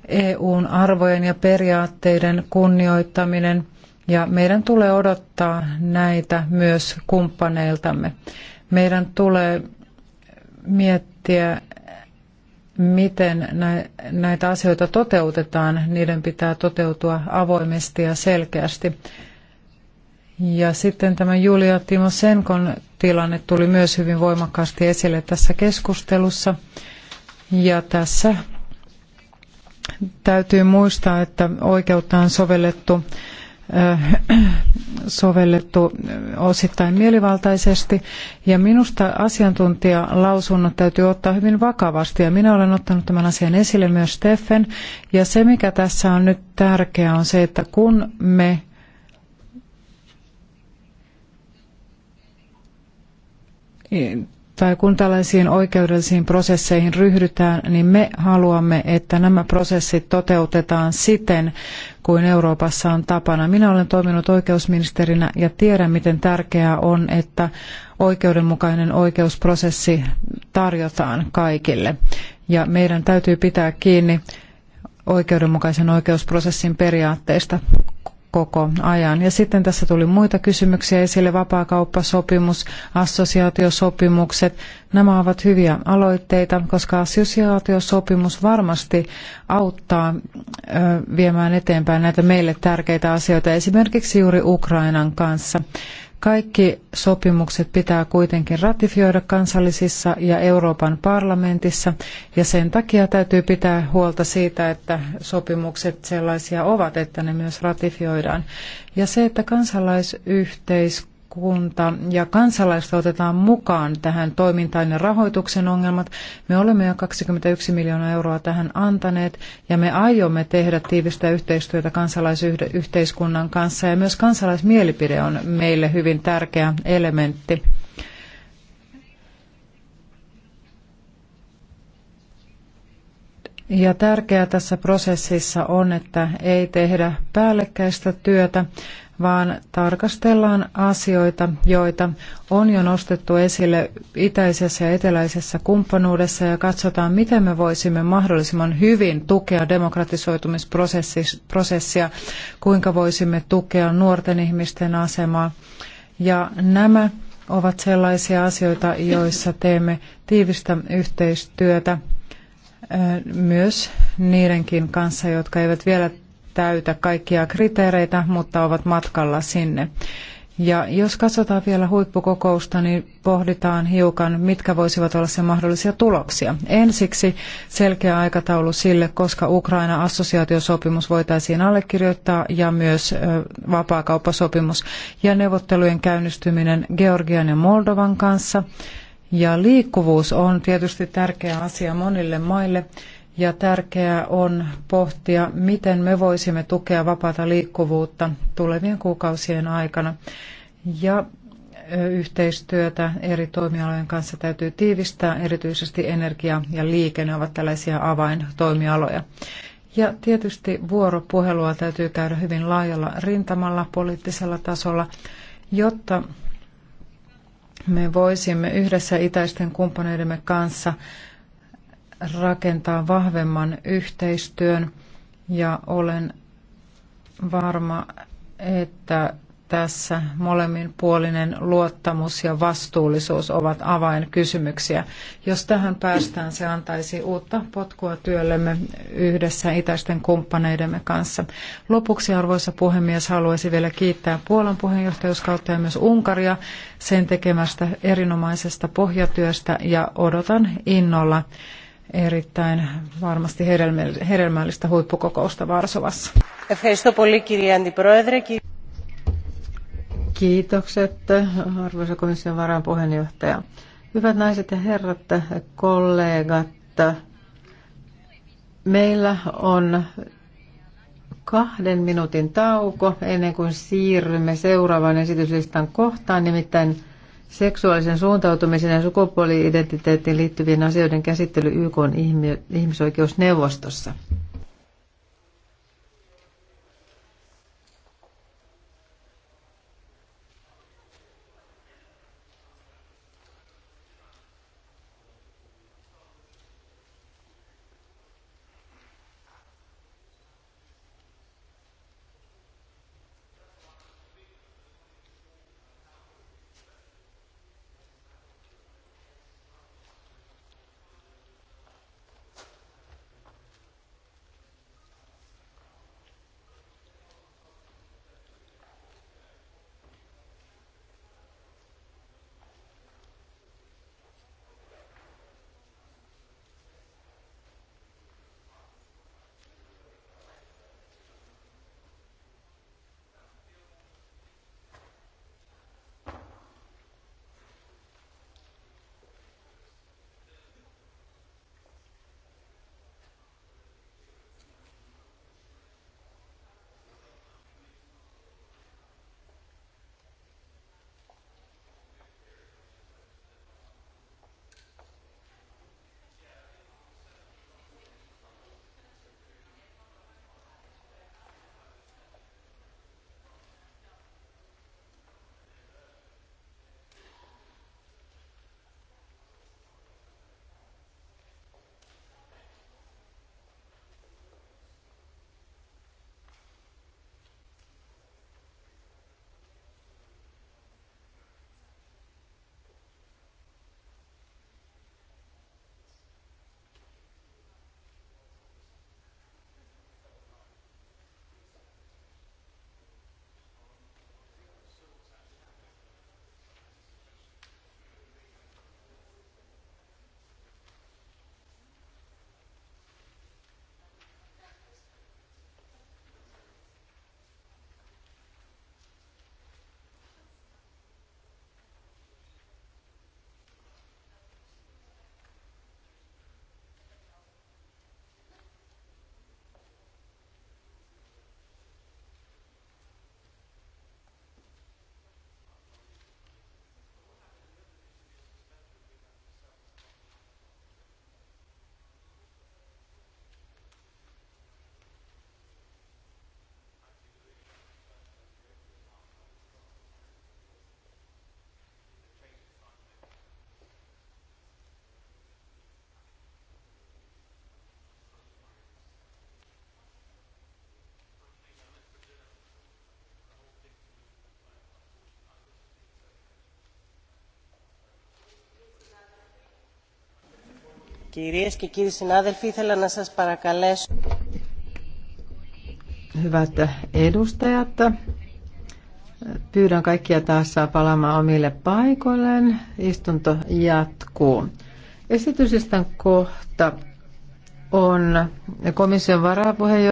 EUn arvojen ja periaatteiden kunnioittaminen ja meidän tulee odottaa näitä myös kumppaneiltamme. Meidän tulee miettiä, miten näitä asioita toteutetaan, niiden pitää toteutua avoimesti ja selkeästi. Ja sitten tämä Julia Timosenkon tilanne tuli myös hyvin voimakkaasti esille tässä keskustelussa. Ja tässä täytyy muistaa, että oikeutta on sovellettu sovellettu osittain mielivaltaisesti. Ja minusta asiantuntijalausunnot täytyy ottaa hyvin vakavasti. Ja minä olen ottanut tämän asian esille myös Steffen. Ja se, mikä tässä on nyt tärkeää, on se, että kun me tai kun tällaisiin oikeudellisiin prosesseihin ryhdytään, niin me haluamme, että nämä prosessit toteutetaan siten kuin Euroopassa on tapana. Minä olen toiminut oikeusministerinä ja tiedän, miten tärkeää on, että oikeudenmukainen oikeusprosessi tarjotaan kaikille. Ja meidän täytyy pitää kiinni oikeudenmukaisen oikeusprosessin periaatteista koko ajan. Ja sitten tässä tuli muita kysymyksiä esille, vapaakauppasopimus, assosiaatiosopimukset. Nämä ovat hyviä aloitteita, koska assosiaatiosopimus varmasti auttaa viemään eteenpäin näitä meille tärkeitä asioita, esimerkiksi juuri Ukrainan kanssa. Kaikki sopimukset pitää kuitenkin ratifioida kansallisissa ja Euroopan parlamentissa, ja sen takia täytyy pitää huolta siitä, että sopimukset sellaisia ovat, että ne myös ratifioidaan. Ja se, että kansalaisyhteiskunta Kunta ja kansalaiset otetaan mukaan tähän toimintaan ja rahoituksen ongelmat. Me olemme jo 21 miljoonaa euroa tähän antaneet ja me aiomme tehdä tiivistä yhteistyötä kansalaisyhteiskunnan kanssa ja myös kansalaismielipide on meille hyvin tärkeä elementti. Ja tärkeää tässä prosessissa on, että ei tehdä päällekkäistä työtä, vaan tarkastellaan asioita, joita on jo nostettu esille itäisessä ja eteläisessä kumppanuudessa ja katsotaan, miten me voisimme mahdollisimman hyvin tukea demokratisoitumisprosessia, kuinka voisimme tukea nuorten ihmisten asemaa. Ja nämä ovat sellaisia asioita, joissa teemme tiivistä yhteistyötä myös niidenkin kanssa, jotka eivät vielä täytä kaikkia kriteereitä, mutta ovat matkalla sinne. Ja jos katsotaan vielä huippukokousta, niin pohditaan hiukan, mitkä voisivat olla sen mahdollisia tuloksia. Ensiksi selkeä aikataulu sille, koska Ukraina-assosiaatiosopimus voitaisiin allekirjoittaa ja myös vapaakauppasopimus ja neuvottelujen käynnistyminen Georgian ja Moldovan kanssa. Ja liikkuvuus on tietysti tärkeä asia monille maille. Ja tärkeää on pohtia, miten me voisimme tukea vapaata liikkuvuutta tulevien kuukausien aikana. Ja yhteistyötä eri toimialojen kanssa täytyy tiivistää, erityisesti energia ja liikenne ovat tällaisia avaintoimialoja. Ja tietysti vuoropuhelua täytyy käydä hyvin laajalla rintamalla poliittisella tasolla, jotta me voisimme yhdessä itäisten kumppaneidemme kanssa rakentaa vahvemman yhteistyön ja olen varma, että tässä molemminpuolinen luottamus ja vastuullisuus ovat avainkysymyksiä. Jos tähän päästään, se antaisi uutta potkua työllemme yhdessä itäisten kumppaneidemme kanssa. Lopuksi, arvoisa puhemies, haluaisin vielä kiittää Puolan puheenjohtajuuskautta ja myös Unkaria sen tekemästä erinomaisesta pohjatyöstä ja odotan innolla erittäin varmasti hedelmällistä huippukokousta Varsovassa. Kiitokset, arvoisa komission varapuheenjohtaja. Hyvät naiset ja herrat, kollegat, meillä on kahden minuutin tauko ennen kuin siirrymme seuraavan esityslistan kohtaan, nimittäin Seksuaalisen suuntautumisen ja sukupuoli-identiteettiin liittyvien asioiden käsittely YK ihmisoikeusneuvostossa. Κυρίες και κύριοι συνάδελφοι, ήθελα να σας παρακαλέσω. Hyvät edustajat, pyydän kaikkia taas palaamaan omille paikoilleen. Istunto jatkuu. Esityslistan kohta on komission varapuheenjohtaja.